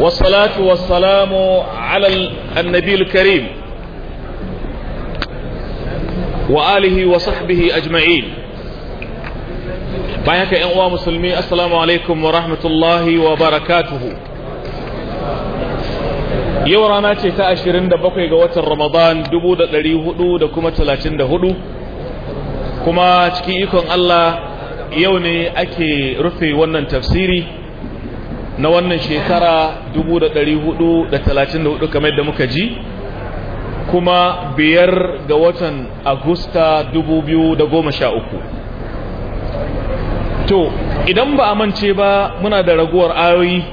والصلاة والسلام على النبي الكريم وآله وصحبه أجمعين بايك يا مسلمي السلام عليكم ورحمة الله وبركاته yau rana ce ta 27 ga watan ramadan 434 kuma cikin ikon Allah yau ne ake rufe wannan tafsiri na wannan shekara 434 kamar yadda muka ji kuma biyar ga watan agusta 2013 to idan ba a mance ba muna da raguwar ayoyi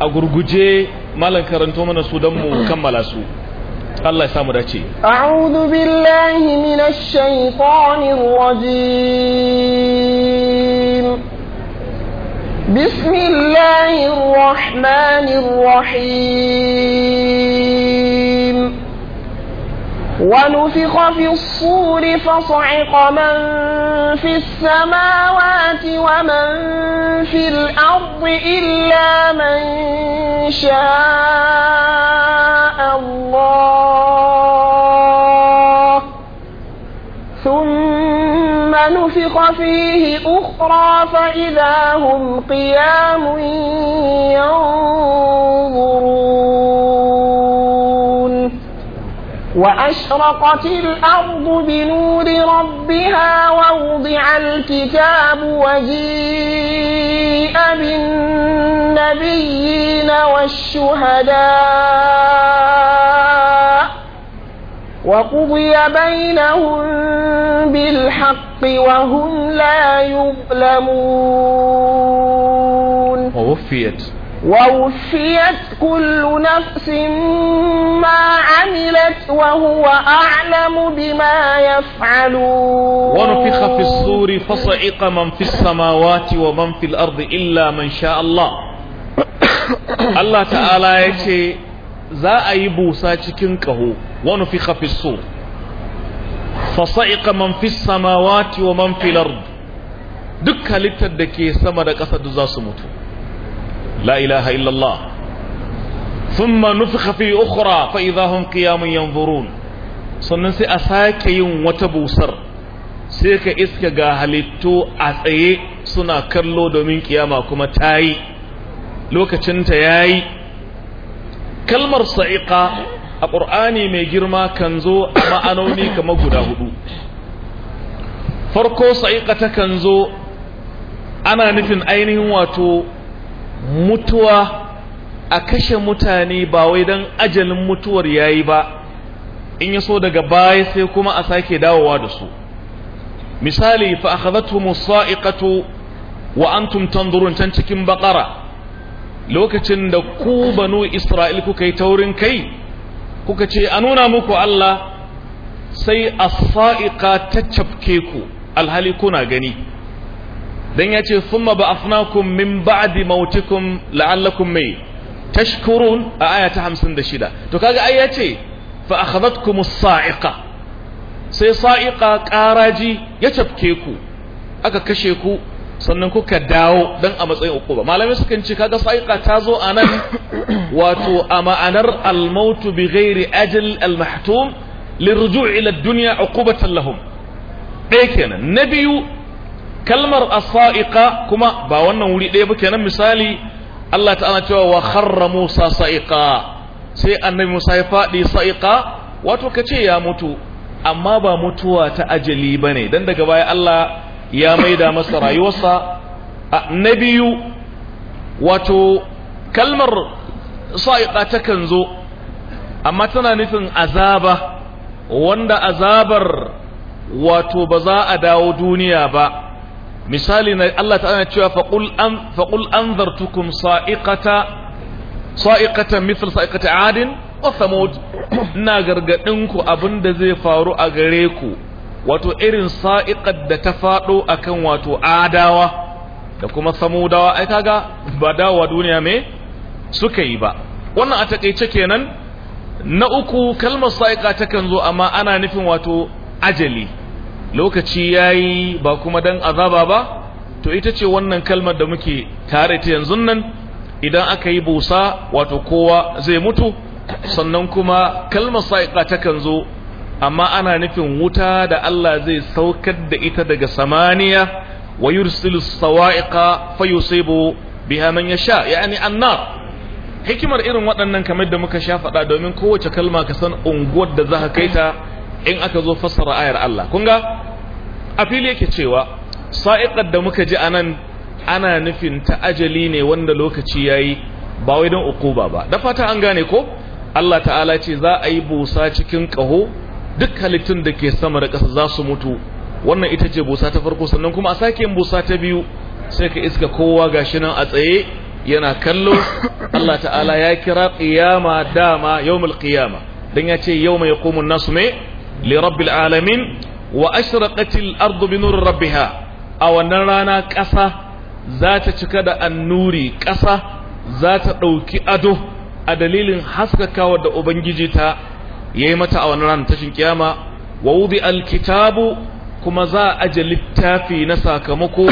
a gurguje malam karanto mana su don mu kammala su Allah ya samu dace a'udhu billahi minash shaitanir rajim بسم الله الرحمن الرحيم ونفخ في الصور فصعق من في السماوات ومن في الأرض إلا من شاء الله ثم ونفخ فيه أخرى فإذا هم قيام ينظرون وأشرقت الأرض بنور ربها ووضع الكتاب وجيء بالنبيين والشهداء وقضي بينهم بالحق وهم لا يظلمون ووفيت ووفيت كل نفس ما عملت وهو أعلم بما يفعلون ونفخ في الصور فصعق من في السماوات ومن في الأرض إلا من شاء الله الله تعالى يتي za a yi busa cikin ƙaho wani fi hafi fasa'iƙa man samawati wa duk halittar da ke sama da ƙasa duk za su mutu la ilaha illallah ثم نفخ في أخرى فإذا هم قيام sannan sai a sake yin wata busar sai ka iska ga halittu a tsaye suna kallo domin kiyama kuma ta yi lokacinta ya yi kalmar sa'iqa a ƙur'ani mai girma kan zo a ma'anoni kamar guda hudu farko sa'iqa ta kan zo ana nufin ainihin wato mutuwa a kashe mutane ba wai don ajalin mutuwar yayi ba in ya so daga baya sai kuma a sake dawowa da su misali fa akhadhatuhum as-sa'iqatu wa antum tanzurun tan cikin baqara lokacin da ku banu isra'il kuka yi taurin kai kuka ce a nuna muku Allah sai a fa'iƙa ta cafke ku alhali kuna gani dan yace thumma ba'athnakum min ba'di mautikum la'allakum mai tashkurun a aya ta shida. to kaga ai yace fa akhadhatkum as sa'iƙa sai sa'iƙa ƙaraji ya cafke ku aka kashe ku sannan kuka dawo dan a matsayin ukuba malamai sukan ce kaga sa'iqa ta zo anan wato a ma'anar al-maut bi ghairi ajal al-mahtum lirju' ila ad-dunya uqubatan lahum dai kenan na biyu kalmar as-sa'iqa kuma ba wannan wuri ɗaya ba kenan misali Allah ta'ala cewa wa kharra Musa sa'iqa sai annabi Musa ya fadi sa'iqa wato kace ya mutu amma ba mutuwa ta ajali bane dan daga baya Allah ya maida masa rayuwarsa na biyu wato kalmar sa'iqa takan zo amma tana nufin azaba wanda azabar wato ba za a dawo duniya ba misali na Allah ta'ala cewa faqul an faqul anzartukum sa'iqata sa'iqatan mithl sa'iqati 'adin wa thamud ina gargadin ku abinda zai faru a gare ku wato irin sa'iqar da ta fado akan wato adawa da kuma samudawa ai kaga ba dawowa duniya me suka yi ba wannan a takeice kenan na uku kalmar sa'iqa takan zo amma ana nufin wato ajali lokaci yayi ba kuma dan azaba ba to ita ce wannan kalmar da muke tare ta yanzu nan idan aka yi busa wato kowa zai mutu sannan kuma kalmar sa'iqa takan zo amma ana nufin wuta da Allah zai saukar da ita daga samaniya wa yursilu sawa'iqa fayusibu biha man yasha yani annar hikimar irin waɗannan kamar da muka sha faɗa domin kowace kalma ka san unguwar da zaka kai ta in aka zo fassara ayar Allah kun ga a fili yake cewa sa'iqar da muka ji anan ana nufin ta ajali ne wanda lokaci yayi ba wai don ukuba ba da fata an gane ko Allah ta'ala ce za a yi busa cikin ƙaho duk halittun da ke sama da ƙasa za su mutu wannan ita ce busa ta farko sannan kuma a sake busa ta biyu sai ka iska kowa gashi nan a tsaye yana kallo Allah ta'ala ya kira qiyama dama yawmul qiyama dan ya ce yawma yaqumun nasu me li rabbil alamin wa ashraqatil ardu bi nur rabbiha a wannan rana ƙasa za ta cika da annuri ƙasa za ta ɗauki ado a dalilin haskakawa da ubangiji ta yayi mata a wani ranar tashin kiyama wa wudi alkitabu kuma za a aje littafi na sakamako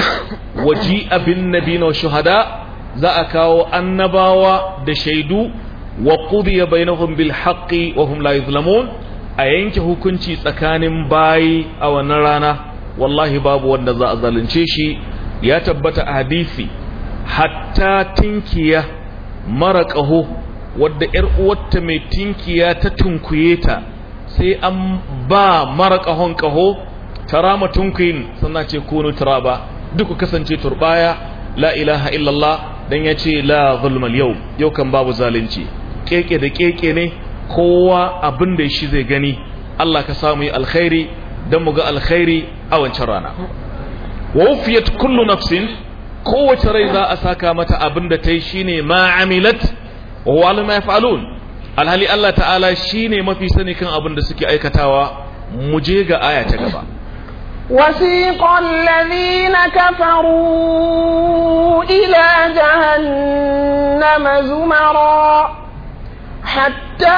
waji abin nabina shuhada za a kawo annabawa da shaidu wa bai bainahum bil haqqi wa hum la a yanke hukunci tsakanin bayi a wani rana wallahi babu wanda za a zalunce shi ya tabbata a hadisi hatta tinkiya mara ƙaho wadda ‘yar uwarta mai tinkiya ta tunkuye ta sai an ba mara ƙahon ƙaho rama tunkuyin sannan ce kunu tara ba duk kasance turbaya la ilaha illallah don ya ce la zulmal yau yau kan babu zalunci keke da keke ne kowa abin da shi zai gani Allah ka samu yi alkhairi don mu ga alkhairi a wancan rana wa wufiyat kullu nafsin kowace rai za a saka mata abin da ta yi shine ma'amilat wa ma yaf'alun alhali Allah ta'ala shine mafi sani kan abin da suke aikatawa mu je ga aya ta gaba وسيق الذين كفروا إلى جهنم زمرا حتى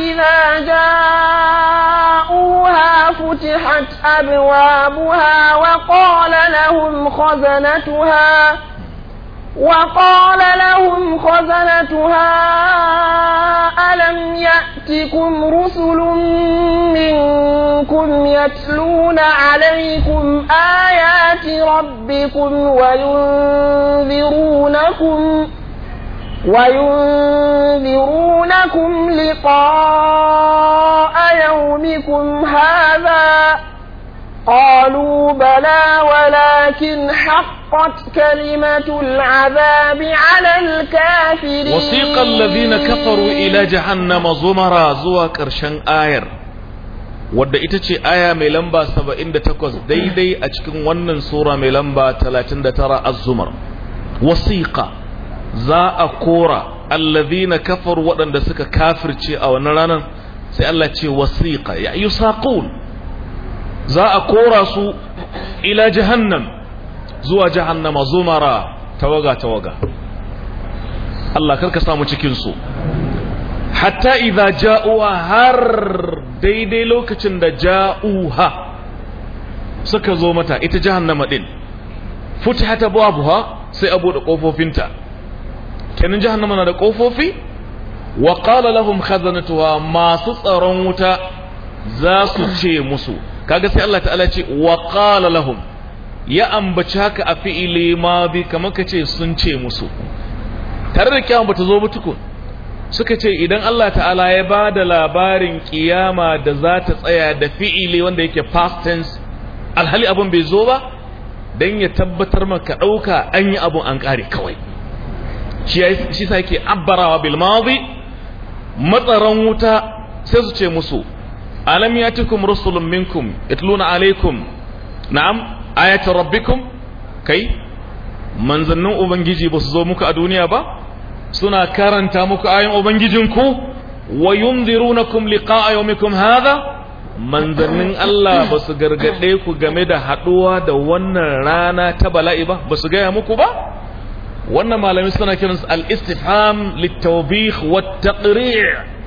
إذا جاءوها فتحت أبوابها وقال لهم خزنتها وقال لهم خزنتها ألم يأتكم رسل منكم يتلون عليكم آيات ربكم وينذرونكم وينذرونكم لقاء يومكم هذا قالوا بلى ولكن حقت كلمة العذاب على الكافرين وسيق الذين كفروا إلى جهنم زمرا زوا كرشن آير wadda ita ce aya mai lamba 78 daidai a cikin wannan sura mai lamba 39 az-zumar wasiqa za a kora alladhina kafaru waɗanda suka kafirce a wannan ranar sai Allah ce wasiqa ya yusaqun za a kora su ila jahannam zuwa jahannama zumara tawaga tawaga Allah karka samu cikin su hatta idza ja'uha har daidai lokacin da ja'uha suka zo mata ita jahannama din futihata babuha sai abu da kofofinta kenan jahannama na da kofofi wa qala lahum khazanatuha masu tsaron wuta za su ce musu kaga sai Allah ta'ala ce wa qala lahum ya ambaci haka a fi'ili madi kamar kace sun ce musu tare da kiyama bata zo ba tukun suka ce idan Allah ta'ala ya ba da labarin kiyama da za ta tsaya da fi'ili wanda yake past tense alhali abun bai zo ba dan ya tabbatar maka ɗauka an yi abun an ƙare kawai shi sa yake abbarawa bil madi matsaran wuta sai su ce musu alam yatikum rusulun minkum yatluna alaikum na'am ayatu rabbikum kai manzannin ubangiji ba su zo muku a duniya ba suna karanta muku ubangijin ubangijinku wa yunzirunakum liqa'a yawmikum hadha manzannin Allah ba su gargade ku game da haduwa da wannan rana ta bala'i ba ba su gaya muku ba wannan malami suna kiransu al-istifham lit-tawbih wat-taqri'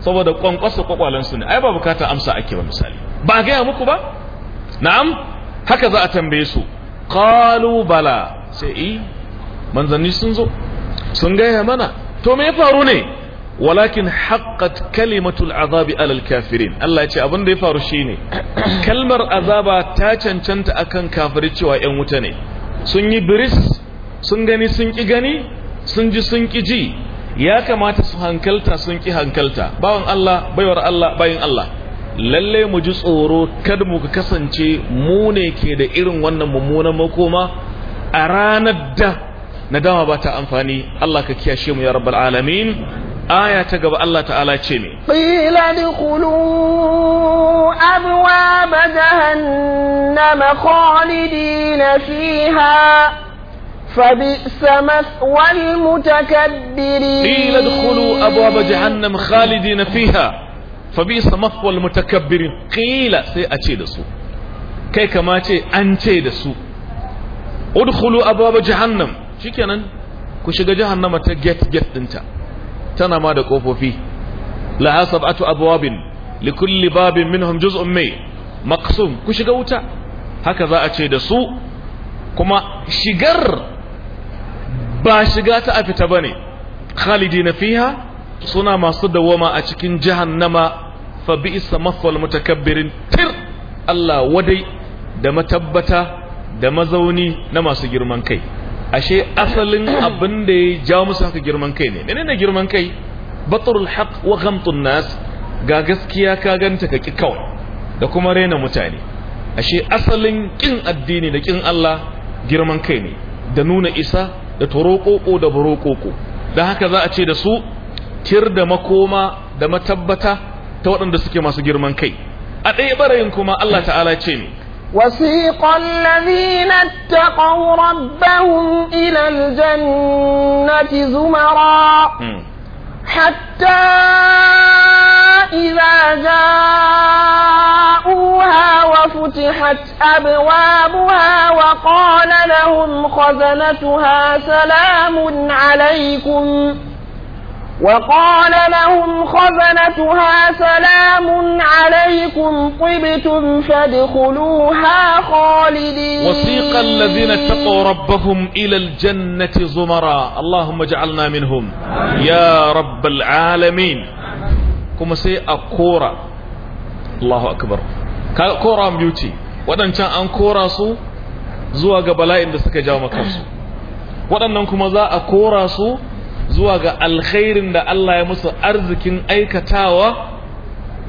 saboda kwankwasa kwakwalansu ne ai ba bukata amsa ake ba misali ba a gaya muku ba na'am haka za a tambaye su kalubala bala sai i eh, manzanni sun zo sun gaya mana to ya faru ne walakin haqqat kalimatul azabi alal kafirin Allah ce abin da ya faru ne. kalmar azaba ta cancanta akan kafiri cewa yan wuta ne sun yi biris sun gani sun ƙi gani sun ji sun ƙi ji ya kamata su hankalta sun ki hankalta bawan Allah baiwar Allah bayin Allah lalle mu ji tsoro kada mu ka kasance mu ne ke da irin wannan mummunan makoma a ranar da nadama ba ta amfani Allah ka kiyashe mu ya rabbal alamin aya ta gaba Allah ta'ala ce ne qila dukhulu abwaab jahannama khalidina fiha فبئس مثوى المتكبرين قيل ادخلوا أبواب جهنم خالدين فيها فبئس مثوى المتكبرين قيل سيأتي دسو كي كما تي أنتي دسو ادخلوا أبواب جهنم شكرا كشك جهنم تجت جت انت تنا ما دقوفو فيه لها سبعة أبواب لكل باب منهم جزء مي مقسوم كشك وتا هكذا أتي دسو kuma shigar ba shiga ta a fita bane na fiha suna masu dawoma a cikin jahannama fa bi'sa mafwal mutakabbirin tir Allah wadai da matabbata da mazauni na masu girman kai ashe asalin abin da ya jawo musu haka girman kai ne menene girman kai batarul haq wa ghamtun nas ga gaskiya ka ganta ka ki kawai da kuma rena mutane ashe asalin kin addini da kin Allah girman kai ne da nuna isa da turokoko da burokoko da haka za a ce da su tir da makoma da matabbata ta waɗanda suke masu girman kai a ɗaya barayin kuma Allah ta'ala ce Wasiƙon وسيق الذين اتقوا ربهم إلى الجنة زمرا hmm. حتى إذا جاءوها وفتحت أبوابها وقال لهم خزنتها سلام عليكم وقال لهم خزنتها سلام عليكم طبتم فادخلوها خالدين وسيق الذين اتقوا ربهم إلى الجنة زمرا اللهم اجعلنا منهم يا رب العالمين كما سي أكورا الله أكبر كورا بيوتي ودن كان أنكورا سو زوا قبلائن دستك جاوما كرسو ودن نكما ذا أكورا سو zuwa ga alkhairin da Allah ya musu arzikin aikatawa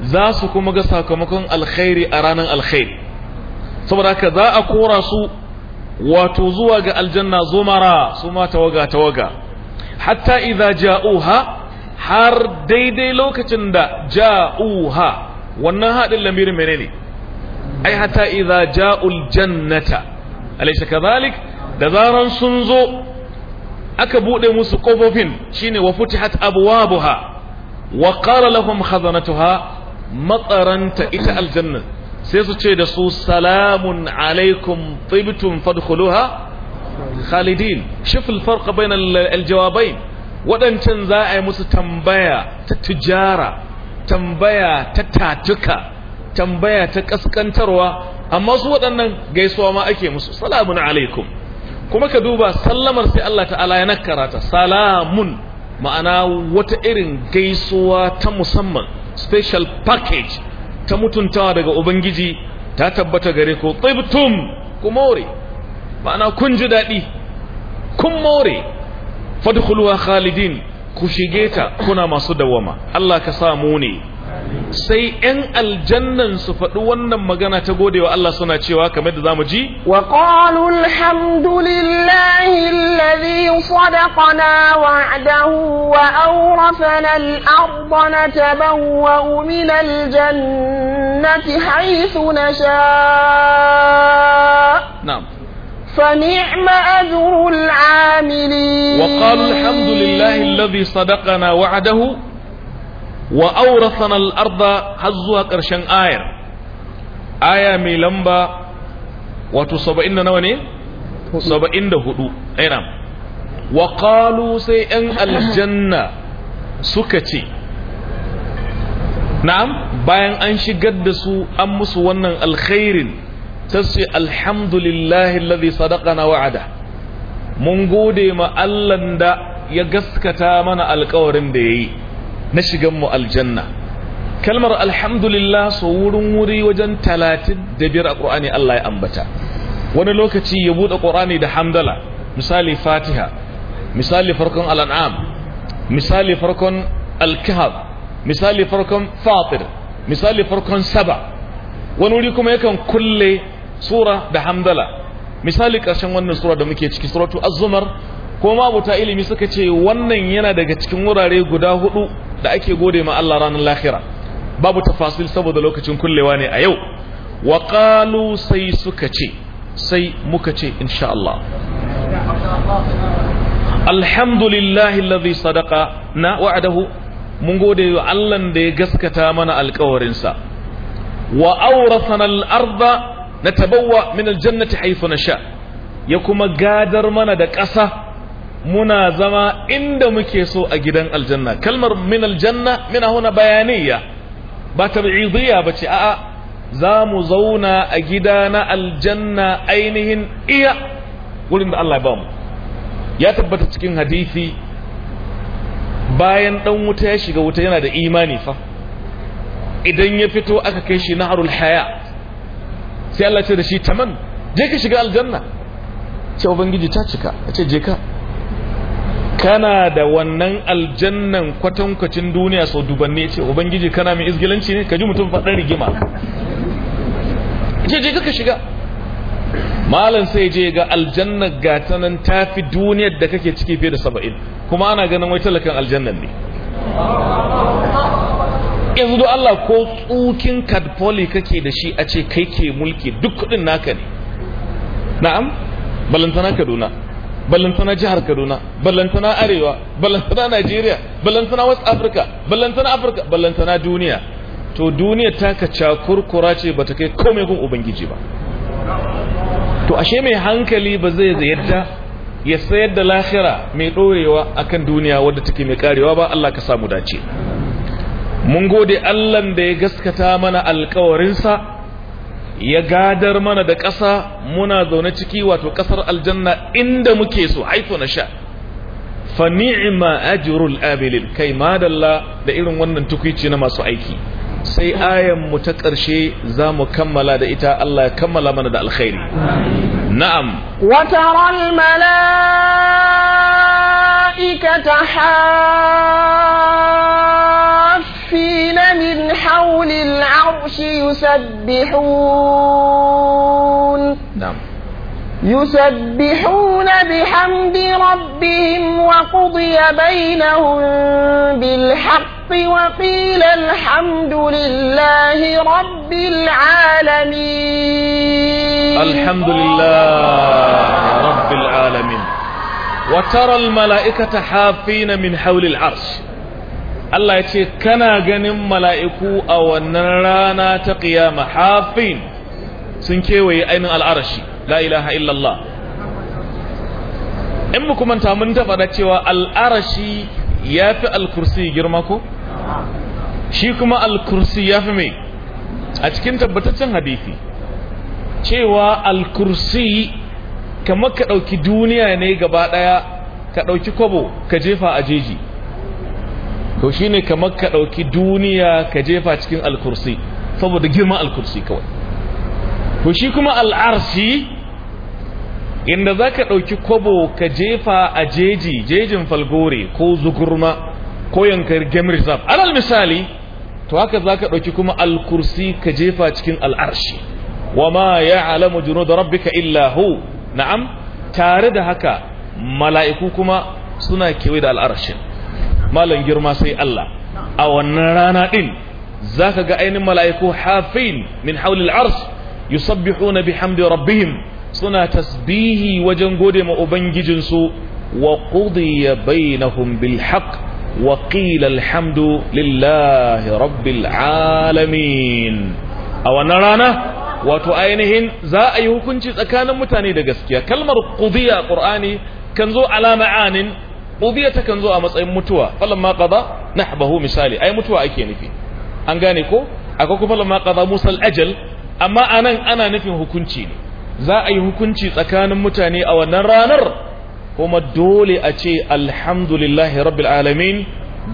za su kuma ga sakamakon alkhairi a ranar alkhairi saboda haka za a kora su wato zuwa ga aljanna zumara su ma tawaga tawaga hatta idza ja'uha har daidai lokacin da ja'uha wannan hadin lamirin menene ai hatta idza ja'ul jannata alaysa kadhalik da zaran sun zo aka buɗe musu kofofin shine wa futihat abwabuha wa qala lahum khazanatuha matsaranta ita aljanna sai su ce da su salamun alaikum tibtum fadkhuluha khalidin shuf alfarq bayna aljawabain waɗancan za a yi musu tambaya ta tijara tambaya ta tatuka tambaya ta ƙasƙantarwa amma su waɗannan gaisuwa ma ake musu salamun alaikum kuma ka duba sallamar sai Allah ta'ala ya nakara ta salamun ma'ana wata irin gaisuwa ta musamman special package ta mutuntawa daga ubangiji ta tabbata gare ko tsibtum ku more ma'ana kun ji daɗi kun more fadkhuluha khalidin ku shige ta kuna masu dawama Allah ka samu ne sai 'yan aljannan su faɗi wannan magana ta gode wa Allah suna cewa kamar da zamu ji wa qalu alhamdulillahi alladhi sadaqana wa'dahu wa awrafana al-ardha natabawwa min al-jannati haythu nasha na'am فنعم أجر العاملين وقال الحمد لله الذي صدقنا وعده wa aurasana al-arda har zuwa ƙarshen ayar aya mai lamba wato 70 da nawa ne 74 ainihin wa qalu sai yan aljanna suka ce na'am bayan an shigar da su an musu wannan alkhairin lillahi alhamdulillahi alladhi sadaqana wa'ada mun gode ma Allah da ya gaskata mana alƙawarin da yayi na shigan mu aljanna kalmar alhamdulillah so wurin wuri wajen talatin da biyar a ƙur'ani Allah ya ambata wani lokaci ya buɗe ƙur'ani da hamdala misali fatiha misali farkon al'an'am misali farkon alkihab misali farkon fatir misali farkon saba wani wuri kuma yakan kulle sura da hamdala misali ƙarshen wannan sura da muke ciki suratu azumar ko buta ilimi suka ce wannan yana daga cikin wurare guda hudu da ake gode ma Allah ranar lahira babu tafasil saboda lokacin kullewa ne a yau wa qalu sai suka ce sai muka ce insha Allah alhamdulillahi alladhi sadaqa na wa'adahu mun gode wa Allah da ya gaskata mana alƙawarinsa wa awrathana al-ardha natabawwa min al-jannati haythu nasha ya kuma gadar mana da ƙasa muna zama inda muke so a gidan aljanna kalmar min aljanna mina huna bayaniya ba tab'idiyya bace a'a za mu zauna a gidana aljanna ainihin iya wurin da Allah ya ba mu ya tabbata cikin hadisi bayan dan wuta ya shiga wuta yana da imani fa idan ya fito aka kai shi naharul haya sai Allah ce da shi taman je ka shiga aljanna ce ubangiji ta cika a ce je ka kana da wannan aljannan kwatankwacin duniya sau dubanne ce ubangiji kana mai izgilanci ne ka ji mutum faɗin rigima je je kaka shiga malam sai je ga aljannan gatanan ta fi duniyar da kake ciki fiye da saba'in kuma ana ganin wai talakan aljannan ne yanzu do Allah ko tsukin kadfoli kake da shi a ce kai ke mulki duk kudin naka ne na'am balantana kaduna ballantana jihar kaduna ballantana arewa ballantana najeriya ballantana west africa ballantana africa ballantana duniya to duniya ta kaca kurkura ce ba ta kai komai gun ubangiji ba to ashe mai hankali ba zai yadda ya sayar da lahira mai ɗorewa akan duniya wadda take mai karewa ba Allah ka samu dace mun gode Allah da ya gaskata mana alkawarinsa ya gadar mana da ƙasa muna zaune ciki wato ƙasar aljanna inda muke so haifu na sha fa ni'ma ajrul amilin kai madalla da irin wannan tukwici na masu aiki sai ayan mu ta ƙarshe za mu kammala da ita Allah ya kammala mana da alkhairi na'am wa taral malaikata والمطفين من حول العرش يسبحون نعم يسبحون بحمد ربهم وقضي بينهم بالحق وقيل الحمد لله رب العالمين الحمد لله رب العالمين وترى الملائكة حافين من حول العرش Allah ya ce kana ganin mala'iku a wannan rana ta ƙiyama hafin sun kewaye ainihin al'arashi la ilaha illallah in mu kuma mun taɓa da cewa al'arashi ya fi alkursi girma ko? shi kuma alkursi ya fi mai a cikin tabbataccen hadithi cewa alkursi kamar ka ɗauki duniya ne gaba ɗaya ka ɗauki kwabo ka jefa a jeji to ne kamar ka ɗauki duniya ka jefa cikin alkursi saboda girma alkursi kawai to shi kuma al'arshi inda zaka ɗauki kwabo ka jefa a jeji jejin falgore ko zugurma ko yankar game alal misali to haka zaka ɗauki kuma alkursi ka jefa cikin al'arshi wama da junud rabbika illa hu na'am tare da haka mala'iku kuma suna kewaye da al'arshin malam girma sai Allah a wannan rana din zaka ga ainihin mala'iku hafin min hawlil arsh yusabbihuna bihamdi rabbihim suna tasbihi wajen gode ma ubangijinsu wa qudiya bainahum bil haqq wa qila alhamdu lillahi rabbil alamin a wannan rana wato ainihin za a yi hukunci tsakanin mutane da gaskiya kalmar qudiya qur'ani kan zo ala ma'anin ubiya takan zo a matsayin mutuwa falamma na nahbahu misali ai mutuwa ake nufi an gane ko akwai kuma falamma qada musal ajal amma anan ana nufin hukunci ne za a yi hukunci tsakanin mutane a wannan ranar kuma dole a ce alhamdulillahi rabbil alamin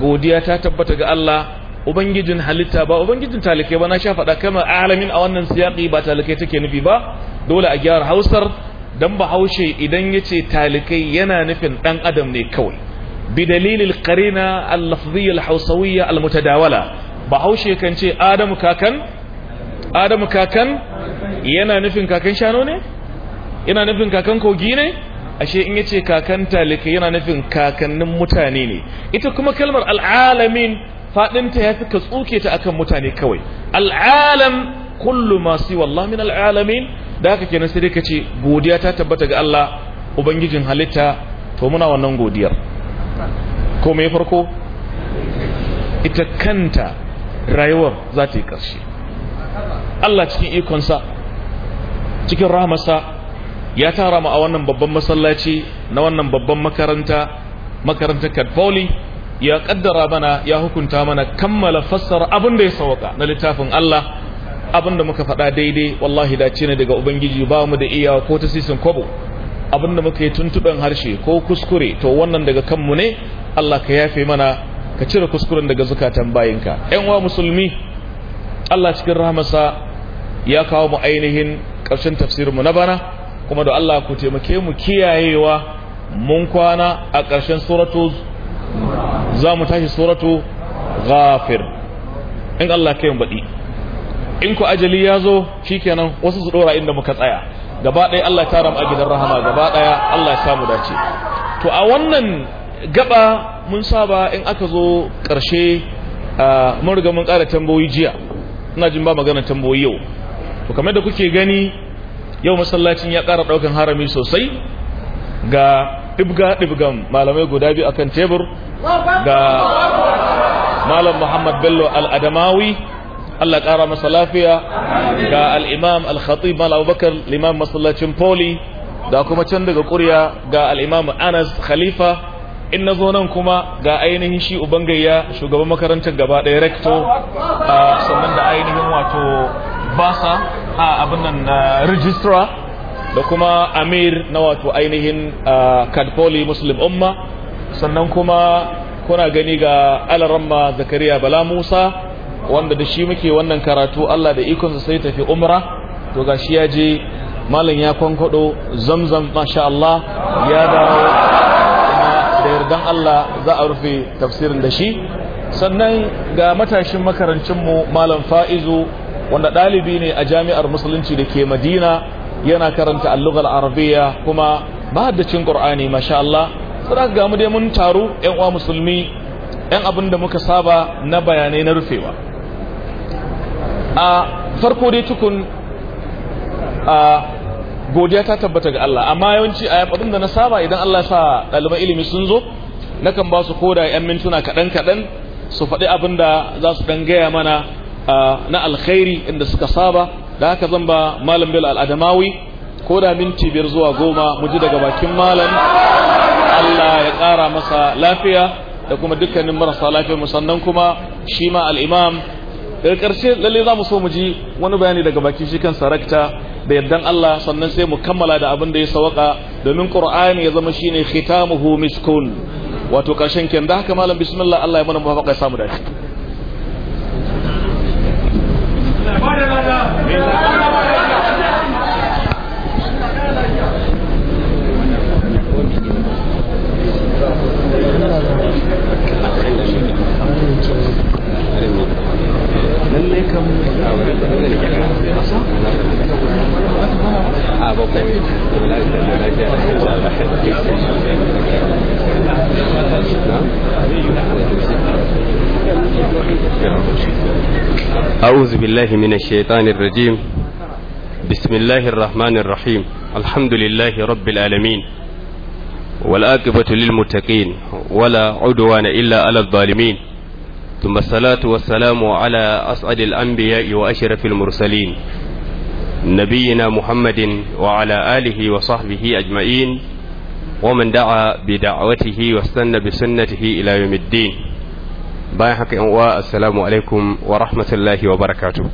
godiya ta tabbata ga Allah ubangijin halitta ba ubangijin talikai ba na sha faɗa kama alamin a wannan siyaƙi ba talikai take nufi ba dole a gyara hausar dan bahaushe idan yace talikai yana nufin dan adam ne kawai bi qarina al-lafziyya al-hausawiyya al-mutadawala bahaushe kan ce adamu kakan adamu kakan yana nufin kakan shano ne yana nufin kakan kogi ne ashe in yace kakan talikai yana nufin kakannin mutane ne ita kuma kalmar al-alamin fadinta yafi ka tsuke ta akan mutane kawai al-alam kullu ma siwa Allah min al-alamin da haka kenan sai ka ce godiya ta tabbata ga Allah ubangijin halitta to muna wannan godiyar ko mai farko ita kanta rayuwar za ta yi ƙarshe Allah cikin ikonsa cikin rahamarsa ya tara mu a wannan babban masallaci na wannan babban makaranta makarantar katfoli ya kaddara mana ya hukunta mana kammala fassara abin da ya sauka na littafin Allah abinda muka faɗa daidai wallahi dace ne daga ubangiji ba mu da iyawa ko ta sisin kwabo abinda muka yi tuntuɓen harshe ko kuskure to wannan daga kanmu ne Allah ka yafe mana ka cire kuskuren daga zukatan bayinka ƴan wa musulmi Allah cikin rahamarsa ya kawo mu ainihin ƙarshen tafsirinmu na bana kuma da Allah ku taimake mu kiyayewa mun kwana a ƙarshen suratu za mu tashi suratu ghafir in Allah kai mu baɗi in ku ajali ya zo shikenan wasu su dora inda muka tsaya gaba ɗaya Allah ya a gidan rahama gaba ɗaya Allah ya samu dace to a wannan gaba mun saba in aka zo ƙarshe mun riga mun ƙara tambayoyi jiya ina jin ba magana tambayoyi yau to kamar da kuke gani yau masallacin ya ƙara ɗaukan harami sosai ga ɗibga ɗibgan malamai guda biyu akan tebur ga malam muhammad bello al adamawi Allah ƙara masa lafiya ga al'imam al-khatib al-abubakar liman masallacin poli da kuma can daga ƙurya ga al'imam anas khalifa in na zo nan kuma ga ainihin shi ubangayya shugaban makarantar gaba ɗaya rekto sannan da ainihin wato basa a abin nan rijistra da kuma amir na wato ainihin kadpoli muslim umma sannan kuma kuna gani ga alaramma zakariya bala musa wanda da shi muke wannan karatu Allah da ikonsa sai tafi umra to gashi ya je malam ya kwankwado zamzam masha Allah ya dawo da yardan Allah za a rufe tafsirin da shi sannan ga matashin makarancinmu malam fa'izu wanda ɗalibi ne a jami'ar musulunci da ke madina yana karanta allugar arabiya kuma mahaddacin ƙur'ani masha Allah sadaka ga mu dai mun taru 'yan uwa musulmi 'yan abin da muka saba na bayanai na rufewa a farko dai tukun a godiya ta tabbata ga Allah amma yawanci a yafarin da na saba idan Allah ya sa ɗaliban ilimi sun zo nakan ba su koda yan mintuna kaɗan kaɗan su faɗi abin da za su ɗan gaya mana na alkhairi inda suka saba da haka zan ba malam bil al'adamawi ko da minti biyar zuwa goma mu ji daga bakin malam Allah ya ƙara masa lafiya da kuma dukkanin marasa lafiya musannan kuma shi ma al'imam daga karshe lalle za mu so mu ji wani bayani daga baki shi kan sarakta da yardan Allah sannan sai mu kammala da abin da ya sawaka domin Qur'ani ya zama shine khitamuhu miskun wato ƙarshen ken da haka malam bismillah Allah ya mana muwafaqa ya samu dace أعوذ بالله من الشيطان الرجيم بسم الله الرحمن الرحيم الحمد لله رب العالمين والآكبة للمتقين ولا عدوان إلا على الظالمين ثم الصلاة والسلام على أسعد الأنبياء وأشرف المرسلين نبينا محمد وعلى آله وصحبه أجمعين ومن دعا بدعوته واستنى بسنته إلى يوم الدين بايحك السلام عليكم ورحمة الله وبركاته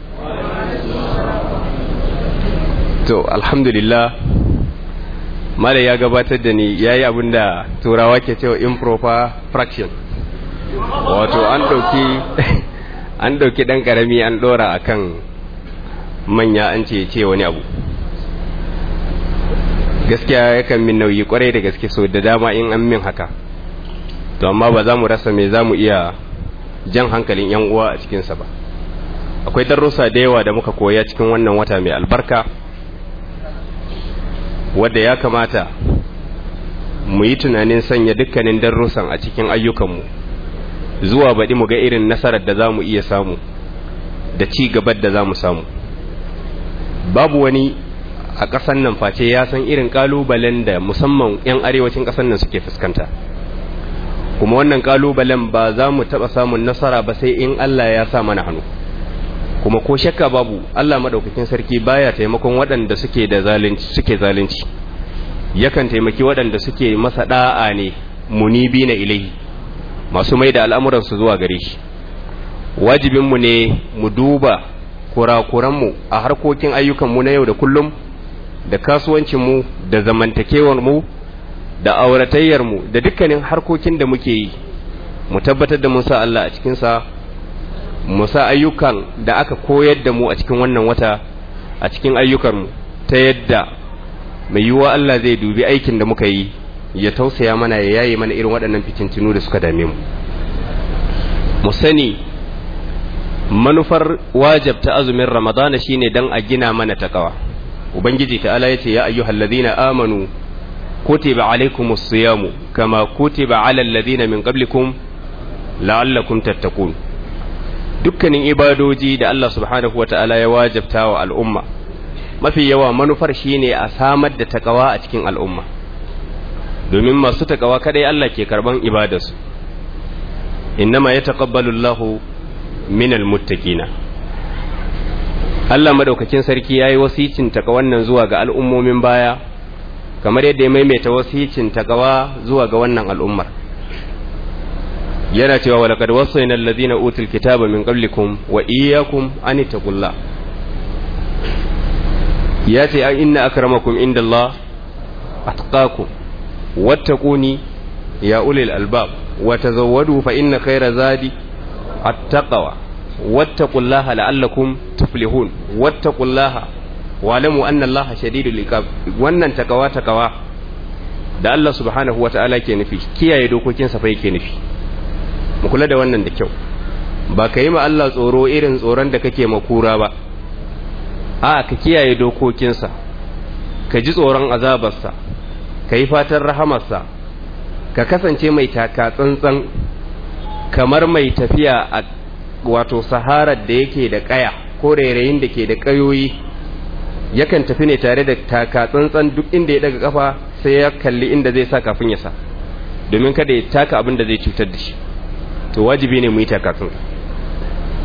to alhamdulillah mala ya gabatar da ni ya yi abin da turawa ke cewa improper fraction wato an ɗauki an ɗauki ɗan ƙarami an ɗora a kan manya an ce ce wani abu gaskiya yakan min nauyi kwarai da gaske so da dama in an min haka to amma ba za mu rasa me za mu iya jan hankalin yan uwa a cikinsa ba akwai darussa da yawa da muka koya cikin wannan wata mai albarka wadda ya kamata mu yi tunanin sanya dukkanin darussan a cikin ayyukanmu zuwa baɗi mu ga irin nasarar da za mu iya samu da ci gabar da za mu samu babu wani a ƙasan nan face ya san irin ƙalubalen da musamman 'yan arewacin ƙasan nan suke fuskanta kuma wannan ƙalubalen ba za mu taɓa samun nasara ba sai in Allah ya sa mana hannu kuma ko shakka babu Allah maɗaukakin sarki baya taimakon waɗanda suke da zalunci yakan taimaki waɗanda suke masa ɗa'a ne bi na ilahi masu mai da al'amuransu zuwa gare shi wajibinmu ne mu duba kurakuranmu a harkokin ayyukanmu na yau da kullum da kasuwancinmu da zamantakewarmu da auratayyarmu da dukkanin harkokin da muke yi mu tabbatar da mun sa Allah a cikinsa mu sa ayyukan da aka koyar da mu a cikin wannan wata a cikin ayyukanmu ta yadda mai yiwuwa Allah zai dubi aikin da muka yi ya tausaya mana ya yaye mana irin waɗannan fitintinu da suka dame mu mu sani manufar ta azumin ramadana shine dan a gina mana takawa ubangiji ta'ala yace ya ayyuhal ladina amanu kutiba alaikumus siyamu kama kutiba alal ladina min qablikum la'allakum tattaqun dukkanin ibadoji da Allah subhanahu wa ta'ala ya wajabta wa al'umma mafi yawa manufar shine a samar da takawa a cikin al'umma domin masu takawa kadai Allah ke karban ibadarsu innama yataqabbalu Allahu minal muttaqina Allah madaukakin sarki yayi wasicin wannan zuwa ga al'ummomin baya kamar yadda ya maimaita wasicin takawa zuwa ga wannan al'ummar yana cewa walaqad wasayna alladhina utul kitaba min qablikum wa iyyakum an taqullah ya ce inna akramakum indallah atqakum wattaquni ya ulil albab wa tazawwadu fa inna khayra zadi at-taqwa wattaqullaha la'allakum tuflihun wattaqullaha wa lamu anna allaha shadidul iqab wannan takawa takawa da Allah subhanahu wata'ala ke nufi kiyaye dokokin sa fa yake nufi mu kula da wannan da kyau ba ka yi ma Allah tsoro irin tsoron da kake makura ba a ka kiyaye dokokinsa ka ji tsoron azabarsa ka yi fatan rahamarsa ka kasance mai taka tsantsan kamar mai tafiya a wato saharar da yake da ƙaya ko rairayin da ke da ƙayoyi yakan tafi ne tare da taka tsantsan duk inda ya daga kafa sai ya kalli inda zai sa kafin ya sa domin kada ya taka abin da zai cutar da shi to wajibi ne mu yi taka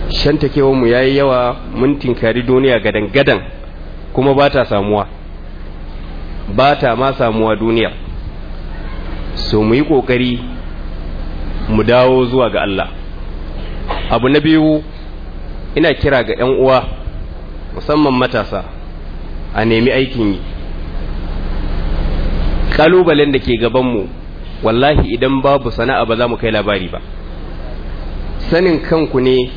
tsantsan mu yayi yawa mun tinkari duniya gadan gadan kuma ba ta samuwa ba ta ma samuwa duniya so mu yi ƙoƙari mu dawo zuwa ga Allah abu na biyu ina kira ga 'yan uwa musamman matasa a nemi aikin yi kalubalen da ke gabanmu wallahi idan babu sana'a ba za mu kai labari ba sanin kanku ne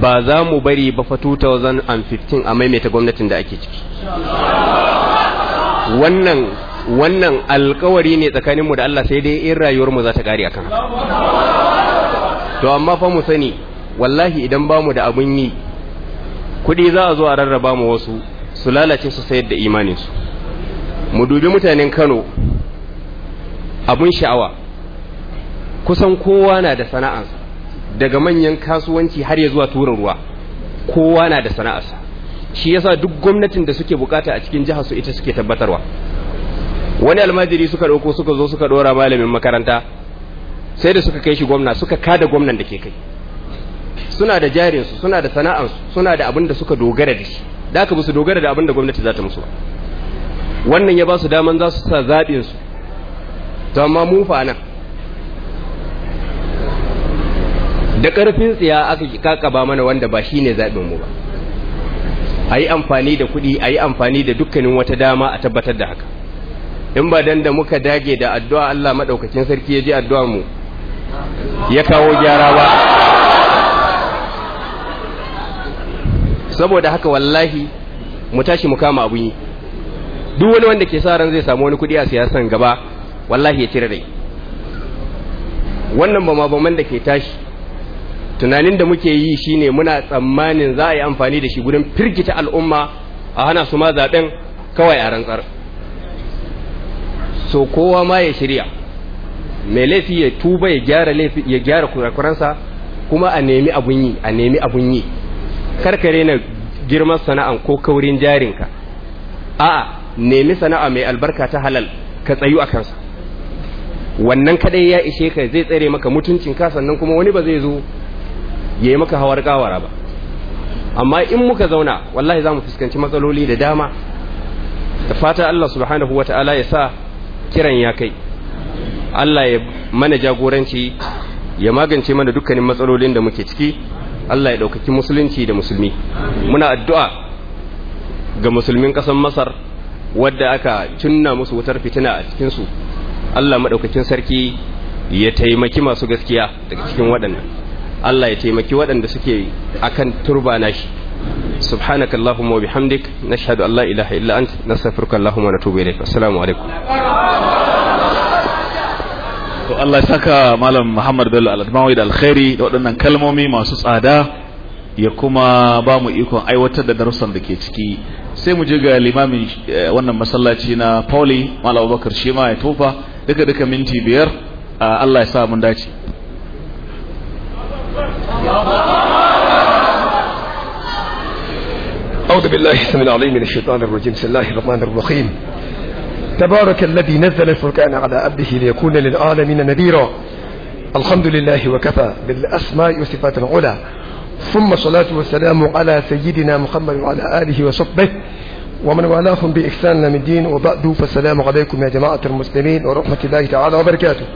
ba za mu bari ba fa 2015 a maimaita gwamnatin da ake ciki wannan wannan alkawari ne tsakanin mu da Allah sai dai in rayuwarmu za ta kare akan to amma fa mu sani wallahi idan bamu da abun yi kuɗi za a zo a rarraba mu wasu su lalace su sayar da imaninsu mu dubi mutanen Kano abun sha'awa kusan kowa na da sana'a daga manyan kasuwanci har ya zuwa turar ruwa kowa na da sana'a. shi yasa duk gwamnatin da suke bukata a cikin jihar su ita suke tabbatarwa wani almajiri suka dauko suka zo suka dora malamin makaranta sai da suka kai shi gwamna suka kada gwamnan da ke kai suna da jarinsu suna da sana'ansu suna da abin da suka dogara da shi da aka musu dogara da abin da gwamnati za ta musu wannan ya ba su daman za su sa zaɓinsu to amma mu fa nan da ƙarfin tsiya aka ba mana wanda ba shi ne zaɓinmu ba a yi amfani da kuɗi a yi amfani da dukkanin wata dama a tabbatar da haka in ba dan da muka dage da addu'a Allah maɗaukakin sarki ya ji addu'ar mu ya kawo gyara ba saboda haka wallahi mu tashi mu kama abun yi duk wani wanda ke sa ran zai samu wani kuɗi a siyasan gaba wallahi ya cire rai wannan ba ma da ke tashi tunanin da muke yi shine muna tsammanin za a yi amfani da shi gurin firgita al'umma a hana su ma zaben kawai a rantsar so kowa ma ya shirya mai laifi ya tuba ya gyara laifi ya gyara kurakuransa kuma a nemi abun yi a nemi abun yi karkare na girman sana'an ko kaurin jarinka a'a nemi sana'a mai albarka ta halal ka tsayu a kansa wannan kadai ya ishe ka zai tsare maka mutuncinka sannan kuma wani ba zai zo ya yi maka hawar kawara ba amma in muka zauna wallahi za mu fuskanci matsaloli da dama da fata Allah subhanahu wa ta'ala ya sa kiran ya kai Allah ya mana jagoranci ya magance mana dukkanin matsalolin da muke ciki Allah ya ɗaukaki musulunci da musulmi muna addu'a ga musulmin ƙasar masar wadda aka cinna musu wutar fitina a cikinsu Allah maɗaukakin sarki ya taimaki masu gaskiya daga cikin waɗannan Allah ya taimaki waɗanda suke akan turba nashi subhanaka allahumma wa bihamdik na an la ilaha illa ant nastaghfiruka allahumma wa natubu ilayk assalamu alaikum to Allah ya saka malam Muhammad Bello al-Admawi da alkhairi da waɗannan kalmomi masu tsada ya kuma ba mu ikon aiwatar da darussan da ke ciki sai mu je ga limamin eh, wannan masallaci na Pauli Malam Abubakar shi ma ya tofa duka duka minti biyar ah, Allah ya sa mun dace أعوذ بالله السميع العليم من الشيطان الرجيم بسم الله الرحمن الرحيم تبارك الذي نزل الفرقان على عبده ليكون للعالمين نذيرا الحمد لله وكفى بالأسماء وصفات العلى ثم الصلاة والسلام على سيدنا محمد وعلى آله وصحبه ومن والاهم بإحسان من دين وبعد فالسلام عليكم يا جماعة المسلمين ورحمة الله تعالى وبركاته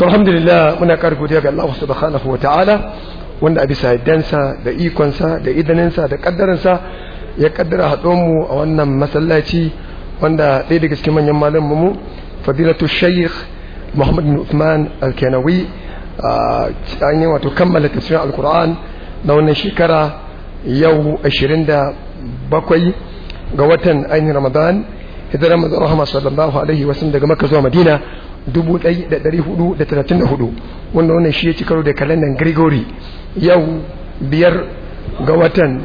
to alhamdulillah muna ƙara godiya ga Allah subhanahu wa ta'ala wanda a bisa yaddansa da ikonsa da idaninsa da kaddaransa ya kaddara mu a wannan masallaci wanda ɗaya daga cikin manyan mu fadilatu shaykh Muhammad bin Uthman al-Kanawi an yi wato kammala tafsirin al-Qur'an na wannan shekara yau 27 ga watan ainihin Ramadan hijirar ramadan Muhammad sallallahu alaihi wasallam daga Makka zuwa Madina 1434 wanda wannan shi ya ci karo da kalandar gregory yau biyar ga watan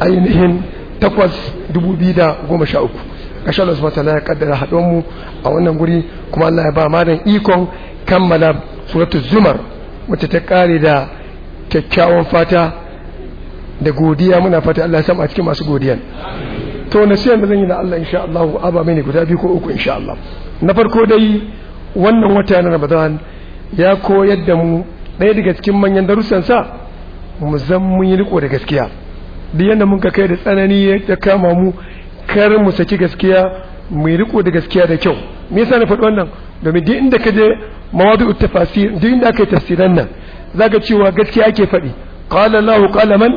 ainihin 8,2013 ƙashe Allah subhanahu ta'ala ya kaddara haɗonmu a wannan guri kuma Allah ya ba madan ikon kammala suratul zumar wacce ta ƙare da kyakkyawan fata da godiya muna fata Allah ya samu a cikin masu godiyan to nasiyan da zan yi da Allah insha Allah aba guda biyu ko uku insha na farko dai wannan wata na ramadan ya koyar da mu ɗaya daga cikin manyan darussansa mu zan mun yi riko da gaskiya duk yadda mun ka kai da tsanani ya kama mu kar mu saki gaskiya mu yi riko da gaskiya da kyau me yasa na faɗi wannan domin duk inda ka je mawadu tafasir duk inda aka yi tafsiran nan zaka cewa gaskiya ake faɗi qala allah qala man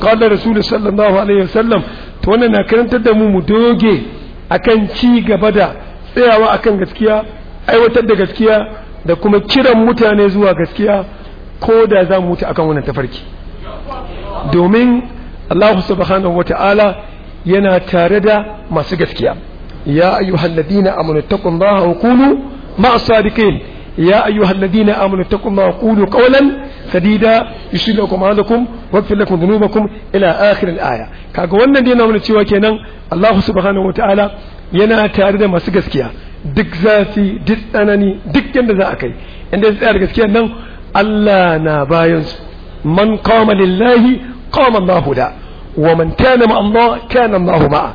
qala rasul sallallahu alaihi wasallam to wannan na karantar da mu mu doge akan ci gaba da tsayawa akan gaskiya aiwatar da gaskiya da kuma kiran mutane zuwa gaskiya ko da za mu akan wannan tafarki domin Allah subhanahu wata'ala yana tare da masu gaskiya ya ayyuhal ladina amanu taqullaha wa qulu ma'as sadiqin ya ayyuhal ladina amanu taqullaha wa qulu qawlan sadida yushri lakum alakum waghfir lakum dhunubakum ila akhir al-aya kaga wannan dai yana nuna cewa kenan Allah subhanahu wata'ala yana tare da masu gaskiya duk zafi duk tsanani duk yadda za a kai inda tsaya da gaskiya nan Allah na bayan su man qama lillahi qama Allahu da wa man kana ma Allah kana Allahu ma'a